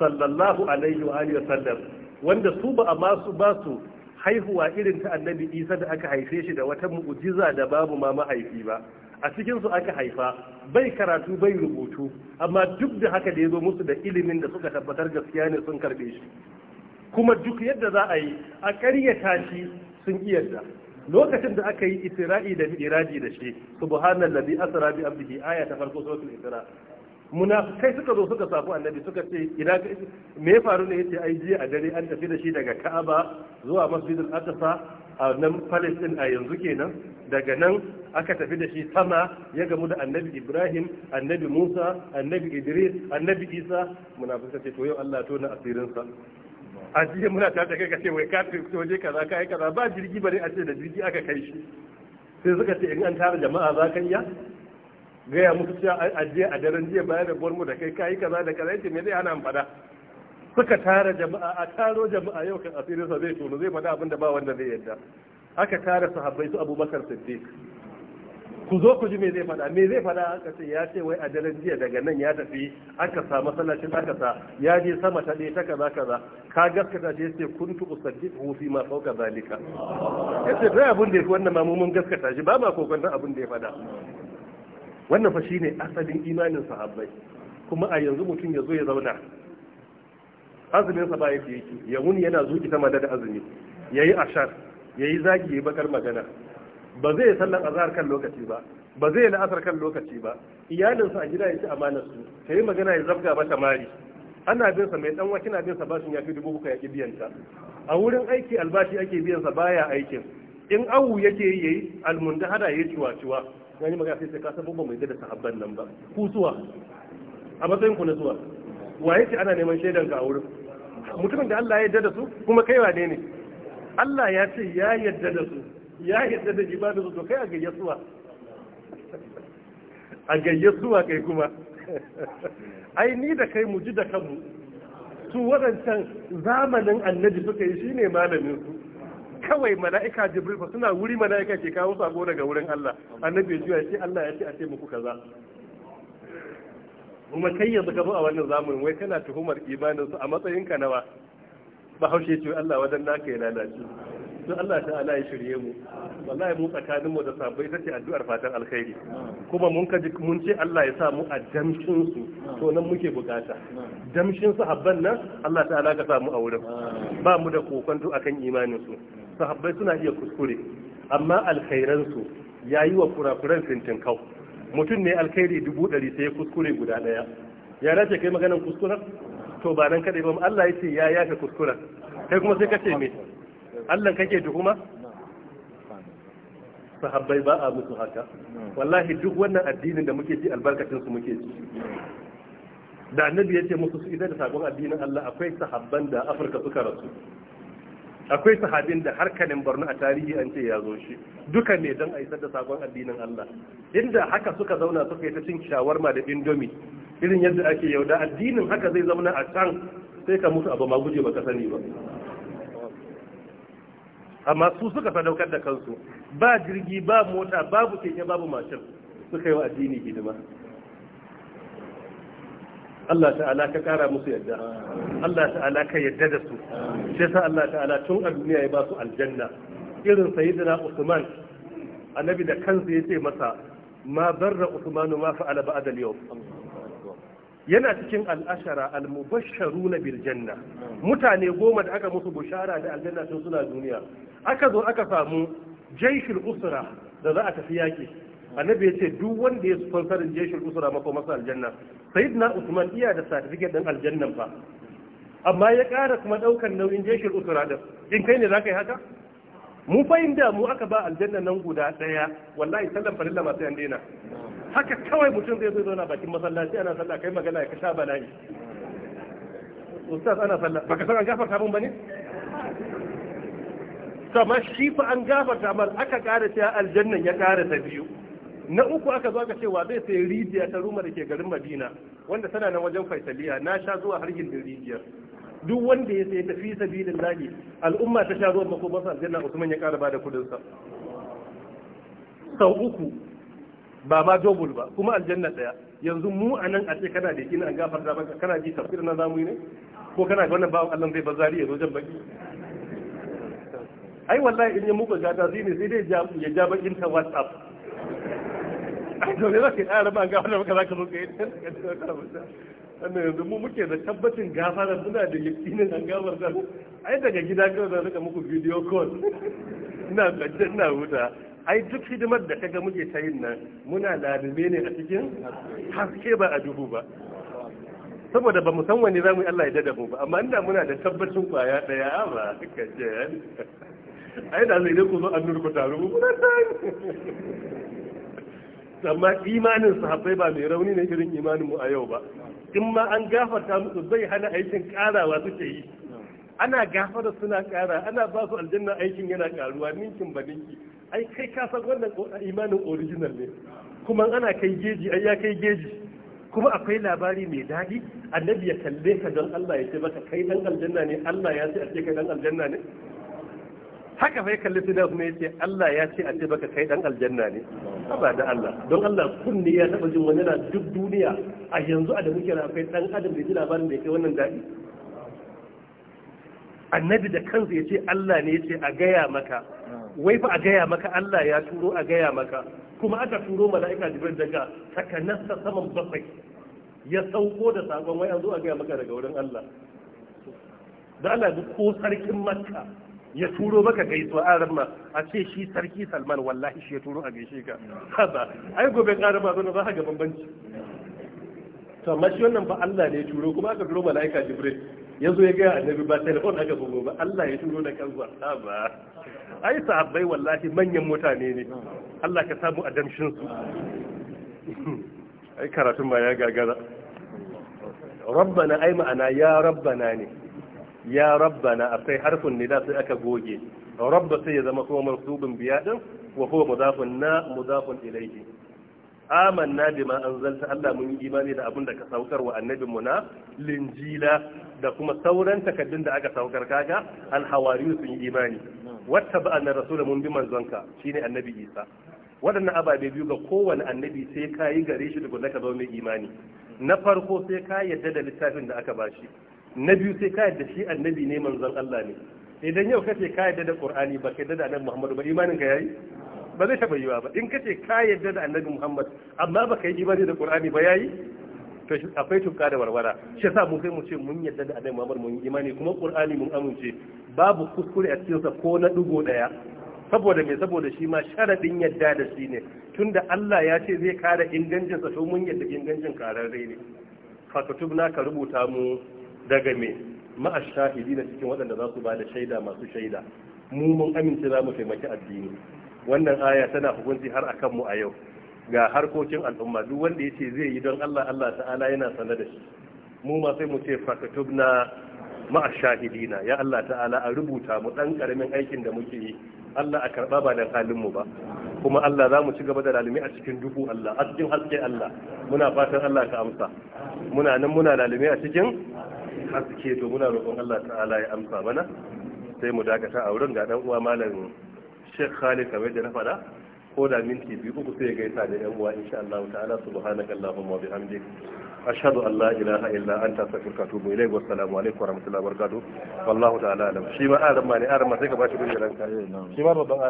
sallallahu alaihi wa alihi wasallam wanda su ba a masu ba su haihuwa irin ta annabi Isa da aka haife shi da wata mu'jiza da babu ma mahaifi ba a cikin su aka haifa bai karatu bai rubutu amma duk da haka da yazo musu da ilimin da suka tabbatar gaskiya ne sun karbe shi kuma duk yadda za a yi a ƙaryata shi sun da lokacin da aka yi isra'i da mi'raji da shi subhanallazi asra bi abdihi aya ta farko suratul isra munafikai suka zo suka sabu annabi suka ce ina me ya faru ne yace ai jiya a dare an tafi da shi daga Ka'aba zuwa Masjidul Aqsa a nan Palestine a yanzu kenan daga nan aka tafi da shi sama ya gamu da annabi Ibrahim annabi Musa annabi Idris annabi Isa munafikai ce to yau Allah to na asirin sa a jiya muna ta ta kai ka ce wai ka tafi waje kaza kai kaza ba jirgi bare a ce da jirgi aka kai shi sai suka ce in an tara jama'a za ka iya gaya musu cewa a a daren jiya bayan da mu da kai kayi kaza da kaza yake me zai hana fada suka tara jama'a a taro jama'a yau kan asirin sa zai tono zai fada abin da ba wanda zai yadda aka tara sahabbai su Abubakar Siddiq ku zo ku ji me zai fada, me zai fada, aka ce ya ce wai a daren jiya daga nan ya tafi aka sa masallacin aka sa ya je sama ta ɗaya ta kaza kaza ka gaskata shi yace kuntu usaddiqu fi ma fawqa zalika yace dai abin da yake wannan ma mun gaskata shi ba ma kokon abin da ya fada. wannan fa ne asalin imanin sahabbai kuma a yanzu mutum ya zo ya zauna azumin sa ba yake ya wuni yana zuki ta madada azumi yayi ashar yayi zagi yayi bakar magana ba zai sallan azhar kan lokaci ba ba zai yi la'asar kan lokaci ba iyalinsa a gida ya ci amanar su ta magana ya zabga mata mari ana bin sa mai dan waki na bin sa bashin ya fi dubu uku ya ta a wurin aiki albashi ake biyan sa baya aikin in awu yake yi yayi almundahada yayi ciwa ciwa wani magana sai sai ka san ba mai da sahabban nan ba ku zuwa a matsayin ku na zuwa wa yake ana neman shaidan ka a wurin mutumin da Allah ya yarda da su kuma kai wane ne Allah ya ce ya yarda da su ya yarda da ibadu su to kai a gayyasuwa a gayyasuwa kai kuma ai ni da kai mu ji da kanmu su waɗancan zamanin annabi suka yi shine malamin su kawai mala'ika jibril fa suna wuri mala'ika ke kawo sako daga wurin Allah annabi ya ce Allah ya ce a ce muku kaza kuma kai yanzu ka a wannan zamanin wai kana tuhumar imanin su a matsayin ka nawa ba haushe ce Allah wajen naka ya lalace don Allah ala ya shirye mu wallahi mu tsakaninmu da sabai tace addu'ar fatan alkhairi kuma mun mun ce Allah ya sa mu a damshin to nan muke bukata damshin habban nan Allah ta'ala ka sa mu a wurin ba mu da kokonto akan imanin su sahabbai suna iya kuskure amma alkhairansu ya yi wa kurakuran kau mutum ne alkhairi dubu ɗari sai kuskure guda ɗaya ya dace kai maganan kuskuren to ba nan kaɗai ba Allah ya ce ya yafe kuskuren kai kuma sai kace me Allah kake tuhuma sahabbai ba a musu haka wallahi duk wannan addinin da muke ji albarkacin su muke ji da annabi ya ce musu su idan da sakon addinin Allah akwai sahabban da Afirka suka rasu akwai sahabin da harkalin barno a tarihi an ce ya zo shi duka ne don aisar da sabon addinin Allah inda haka suka zauna suka yi ta cin shawarma da indomi irin yadda ake yau da addinin haka zai zauna a can sai ka mutu abu ma guje ba ka sani ba amma su suka sadaukar da kansu ba jirgi ba mota babu keke babu mashin suka yi wa addini hidima Allah ta'ala ka kara musu yadda Allah ta'ala ka yadda da su shi yasa Allah ta'ala tun a duniya ya ba su aljanna irin sayyidina Usman annabi da kansa yace masa ma barra Usmanu ma fa'ala ba'da al-yawm yana cikin al'ashara al-mubashsharuna bil janna mutane goma da aka musu bushara da aljanna tun suna duniya aka zo aka samu jaishul usra da za a tafi yaki annabi ya ce duk wanda ya sponsorin jeshin usura mako masa aljanna sayyidina usman iya da certificate din aljannan fa amma ya kara kuma ɗaukan nauyin jeshin usura din in kai ne za ka yi haka mu fahimta mu aka ba aljanna nan guda ɗaya wallahi sallan farilla masu yan daina haka kawai mutum zai zo zauna bakin masallaci ana sallah kai magana ya kasha bala'i ustaz ana sallah baka san an gafarta mun bane kama shi fa an gafarta mar aka ƙara ta aljannan ya ƙara ta biyu na uku aka zo aka cewa zai sai rijiya ta ruma da ke garin madina wanda tana nan wajen faisaliya na sha zuwa har gindin rijiyar duk wanda ya sai tafi sabilin lahi al'umma ta sha zuwa makomarsa aljanna usman ya kara bada da kudinsa. sau uku ba ma jobul ba kuma aljanna daya yanzu mu a nan a ce kana da kina an gafarta ka kana ji tafsir na zamu ne ko kana ga wannan bawan Allah zai bazari ya zo jan baki ai wallahi in ya muka gada zai ne sai dai ya ja bakin ta whatsapp to ne za ka yi tsara ba gafara maka ka zo ka yi yanzu mu muke da tabbacin gafara suna da yakinin an gafar da ai daga gida kawai za rika muku video call ina kwance ina huta ai duk hidimar da kaga muke ta yin nan muna lalume ne a cikin haske ba a dubu ba saboda ba mu san wani za mu yi Allah ya dada mu ba amma ina muna da tabbacin kwaya daya ba kace ai da zai ne ku zo an nurku taru mu na amma imanin sahabbai ba mai rauni ne irin imanin mu a yau ba in ma an gafarta musu zai hana aikin karawa suke yi ana gafara suna kara ana ba su aljanna aikin yana karuwa ninkin ba ninki ai kai ka san wannan imanin original ne kuma ana kai geji ai ya kai geji kuma akwai labari mai daɗi annabi ya kalle ka don Allah ya ce maka kai dan aljanna ne Allah ya ce a ce kai dan aljanna ne haka fa kalli su da kuma yace Allah ya ce a ce baka kai dan aljanna ne ba da Allah don Allah kunni ya taba jin wani na duk duniya a yanzu a da muke na akwai dan adam da ji labarin da yake wannan dadi annabi da kansa yace Allah ne yace a gaya maka wai fa a gaya maka Allah ya turo a gaya maka kuma aka turo mala'ika jibril daga takanasta saman bakwai ya sauko da sakon wai an zo a gaya maka daga wurin Allah da Allah duk ko sarkin makka ya turo maka gaisuwa arama a ce shi sarki salman wallahi shi ya turo a gaishe ka haba ai gobe arama zo za ka ga bambanci to amma shi wannan ba Allah ne ya turo kuma aka turo malaika jibril ya zo ya ga annabi ba telefon aka bugo ba Allah ya turo da kansa haba ai sahabbai wallahi manyan mutane ne Allah ka samu adamshin su ai karatun ba ya gagara rabbana ai ma'ana ya rabbana ne ya Rabba rabbana akai harfin nida sai aka goge rabba sai ya zama kuma mansubin biya din wa huwa mudafun na mudafun ilayhi amanna bima anzalta Allah mun yi imani da abin da ka saukar wa annabin mu na linjila da kuma sauran takaddun da aka saukar kaga alhawariyu sun yi imani wata ba annabi rasul mun bi manzonka shine annabi Isa waɗannan ababe biyu ga kowane annabi sai ka yi gare shi da ka zo mai imani na farko sai ka yadda da littafin da aka bashi na biyu sai ka yadda shi annabi ne manzon Allah ne idan yau kace ka yadda da Qur'ani ba ka yadda da Annabi Muhammad ba imanin ka yayi ba zai taba yiwa ba in kace ka yadda da Annabi Muhammad amma ba ka yi imani da Qur'ani ba yayi to akwai tuka da warwara shi yasa mu sai mu ce mun yadda da Annabi Muhammad mun yi imani kuma Qur'ani mun amince babu kuskure a cikin sa ko na dugo daya saboda me saboda shi ma sharadin yadda da shi ne tunda Allah ya ce zai kare ingancin sa to mun yadda ingancin kararre ne fa ka rubuta mu daga me ma'a shahidi na cikin waɗanda za su ba da shaida masu shaida mu mun amince za mu taimaki addini wannan aya tana hukunci har a kanmu a yau ga harkokin al'umma duk wanda ya ce zai yi don Allah Allah ta'ala yana sanar da shi mu ma sai mu ce fakatubna ma'a shahidina ya Allah ta'ala a rubuta mu dan karamin aikin da muke yi Allah a karɓa ba da halin mu ba kuma Allah za mu ci gaba da lalumi a cikin duhu Allah a cikin haske Allah muna fatan Allah ka amsa muna nan muna lalumi a cikin haske to muna roƙon Allah ta'ala ya amsa mana sai mu dakata a wurin ga dan uwa malam Sheikh Khalid kamar da na faɗa ko da minti biyu uku sai ya da yan uwa insha Allah ta'ala subhanaka allahumma wa bihamdik ashhadu an la ilaha illa anta astaghfiruka wa atubu ilayk wa assalamu wa rahmatullahi wa barakatuh wallahu ta'ala alam shi ma aran ma ne aran ma sai ka bashi gurin ranka eh, shi ma